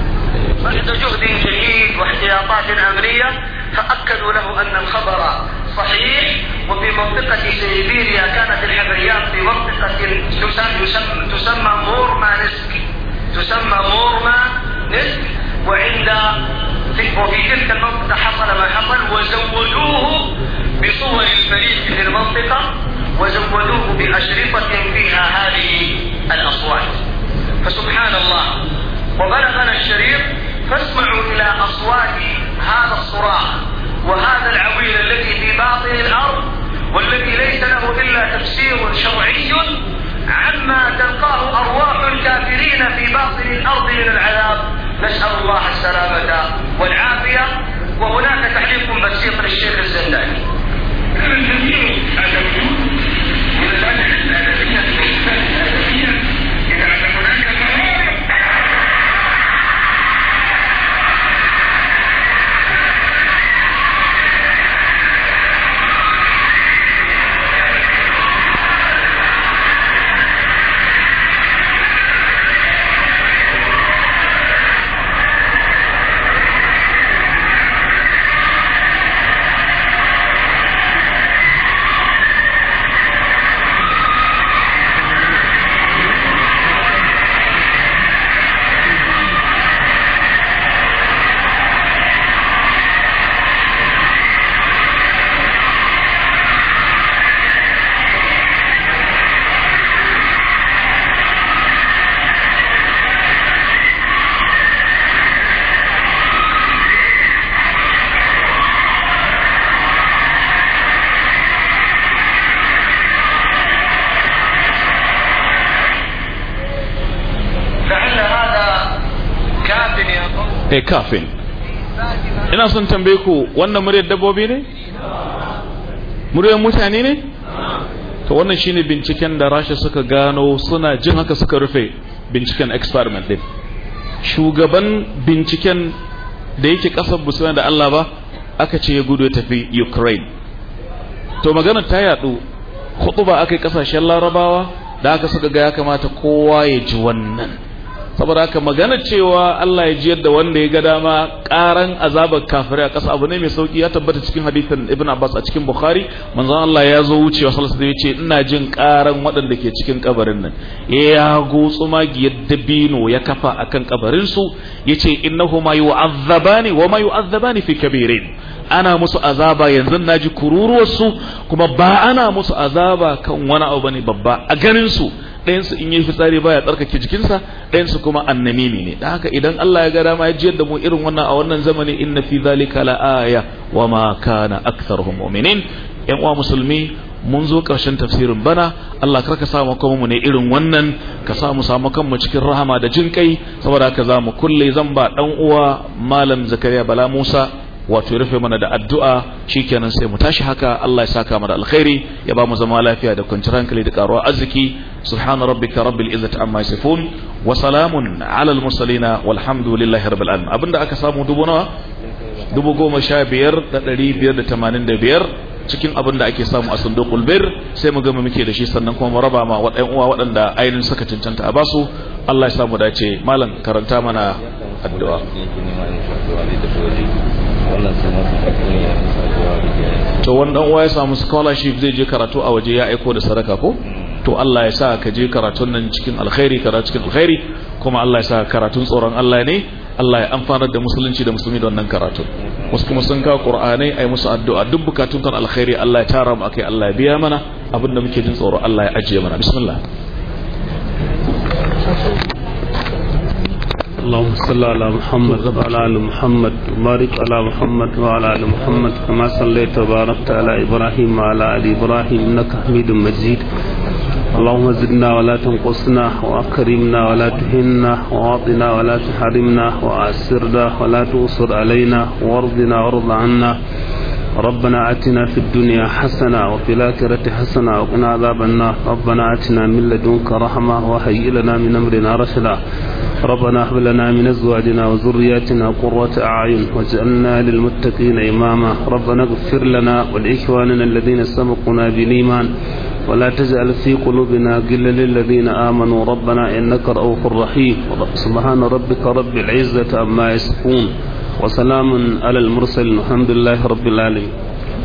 بعد جهد شديد واحتياطات امنيه فاكدوا له ان الخبر صحيح وفي منطقة سيبيريا كانت الحفريات في منطقة تسمى تسمى مورمانسك تسمى مورمانسك وعند وفي تلك المنطقة حصل ما حصل وزودوه بصور الفريق في المنطقة وزودوه بأشرطة فيها هذه الأصوات فسبحان الله وبلغنا الشريط فاسمعوا إلى أصوات هذا الصراخ وهذا العويل الذي في باطن الأرض والذي ليس له إلا تفسير شرعي عما تلقاه أرواح الكافرين في باطن الأرض من العذاب نسأل الله السلامة والعافية وهناك تعليق بسيط للشيخ الزنداني kafin ina son tambaye ku wannan muryar dabbobi ne muryar mutane ne to wannan shine binciken da rasha suka gano suna jin haka suka rufe binciken experiment din shugaban binciken da yake kasar busuna da Allah ba aka ce ya gudu ya tafi Ukraine to magana ta yadu aka akai kasashen larabawa da aka suka ga ya kamata kowa ya ji wannan saboda haka magana cewa Allah ya jiyar da wanda ya ga dama karan azabar kafirai a ƙasa abu ne mai sauki ya tabbata cikin hadithin Ibn Abbas a cikin Bukhari manzon Allah ya zo wucewa sallallahu alaihi wasallam ya ce ina jin karan waɗanda ke cikin kabarin nan ya gutsu magiyar dabino ya kafa akan kabarin su yace innahuma yu'azzabani wa ma yu'azzabani fi kabirin ana musu azaba yanzu na ji kururuwarsu kuma ba ana musu azaba kan wani abu bane babba a ganin su ɗayansu in yi fitsari baya tsarkake jikinsa ɗayansu kuma annami ne da haka idan Allah ya ga dama ya jiyar da mu irin wannan a wannan zamani inna fi zalika la aya wa ma kana aktharuhum mu'minin yan uwa musulmi mun zo ƙarshen tafsirin bana Allah kar ka samu kuma mu ne irin wannan ka samu samu kanmu cikin rahama da jin kai saboda haka za mu kulle zan ba dan uwa malam zakariya bala musa wato ya rufe mana da addu'a shikenan sai mu tashi haka Allah ya saka da alkhairi ya ba mu zama lafiya da kwanciyar hankali da karuwa arziki subhana rabbika rabbil izzati amma yasifun wa salamun ala al mursalina walhamdulillahi rabbil alamin abinda aka samu dubu nawa dubu goma sha biyar da ɗari biyar da tamanin da biyar cikin abin da ake samu a sandokul bir sai mu gama muke da shi sannan kuma mu raba ma waɗannan uwa waɗanda ainihin suka cancanta a basu Allah ya samu dace malam karanta mana addu'a Allah sai ya ko ya to wani dan uwa ya samu scholarship zai je karatu a waje ya aiko da sadaka ko to Allah ya sa ka je karatu nan cikin alkhairi karatu cikin alkhairi kuma Allah ya sa karatun tsoron Allah ne Allah ya amfanar da musulunci da musulmi da wannan karatu wasu kuma sun kawo qur'anai ai musu addu'a duk bukatun kan alkhairi Allah ya tara mu akai Allah ya biya mana abinda muke jin tsoro Allah ya ajiye mana bismillah اللهم صل على محمد وعلى ال محمد وبارك على محمد وعلى ال محمد كما صليت وباركت على ابراهيم وعلى ال ابراهيم انك حميد مجيد اللهم زدنا ولا تنقصنا واكرمنا ولا تهنا واعطنا ولا تحرمنا واسرنا ولا تؤصر علينا وارضنا وارض عنا ربنا اتنا في الدنيا حسنة وفي الآخرة حسنة وقنا عذاب النار ربنا اتنا من لدنك رحمة وهيئ لنا من أمرنا رشدا ربنا هب لنا من أزواجنا وذرياتنا قرة أعين واجعلنا للمتقين إماما ربنا اغفر لنا ولإخواننا الذين سبقونا بالإيمان ولا تجعل في قلوبنا غلا للذين آمنوا ربنا إنك رؤوف رحيم سبحان ربك رب العزة عما يصفون وسلام على المرسل الحمد لله رب العالمين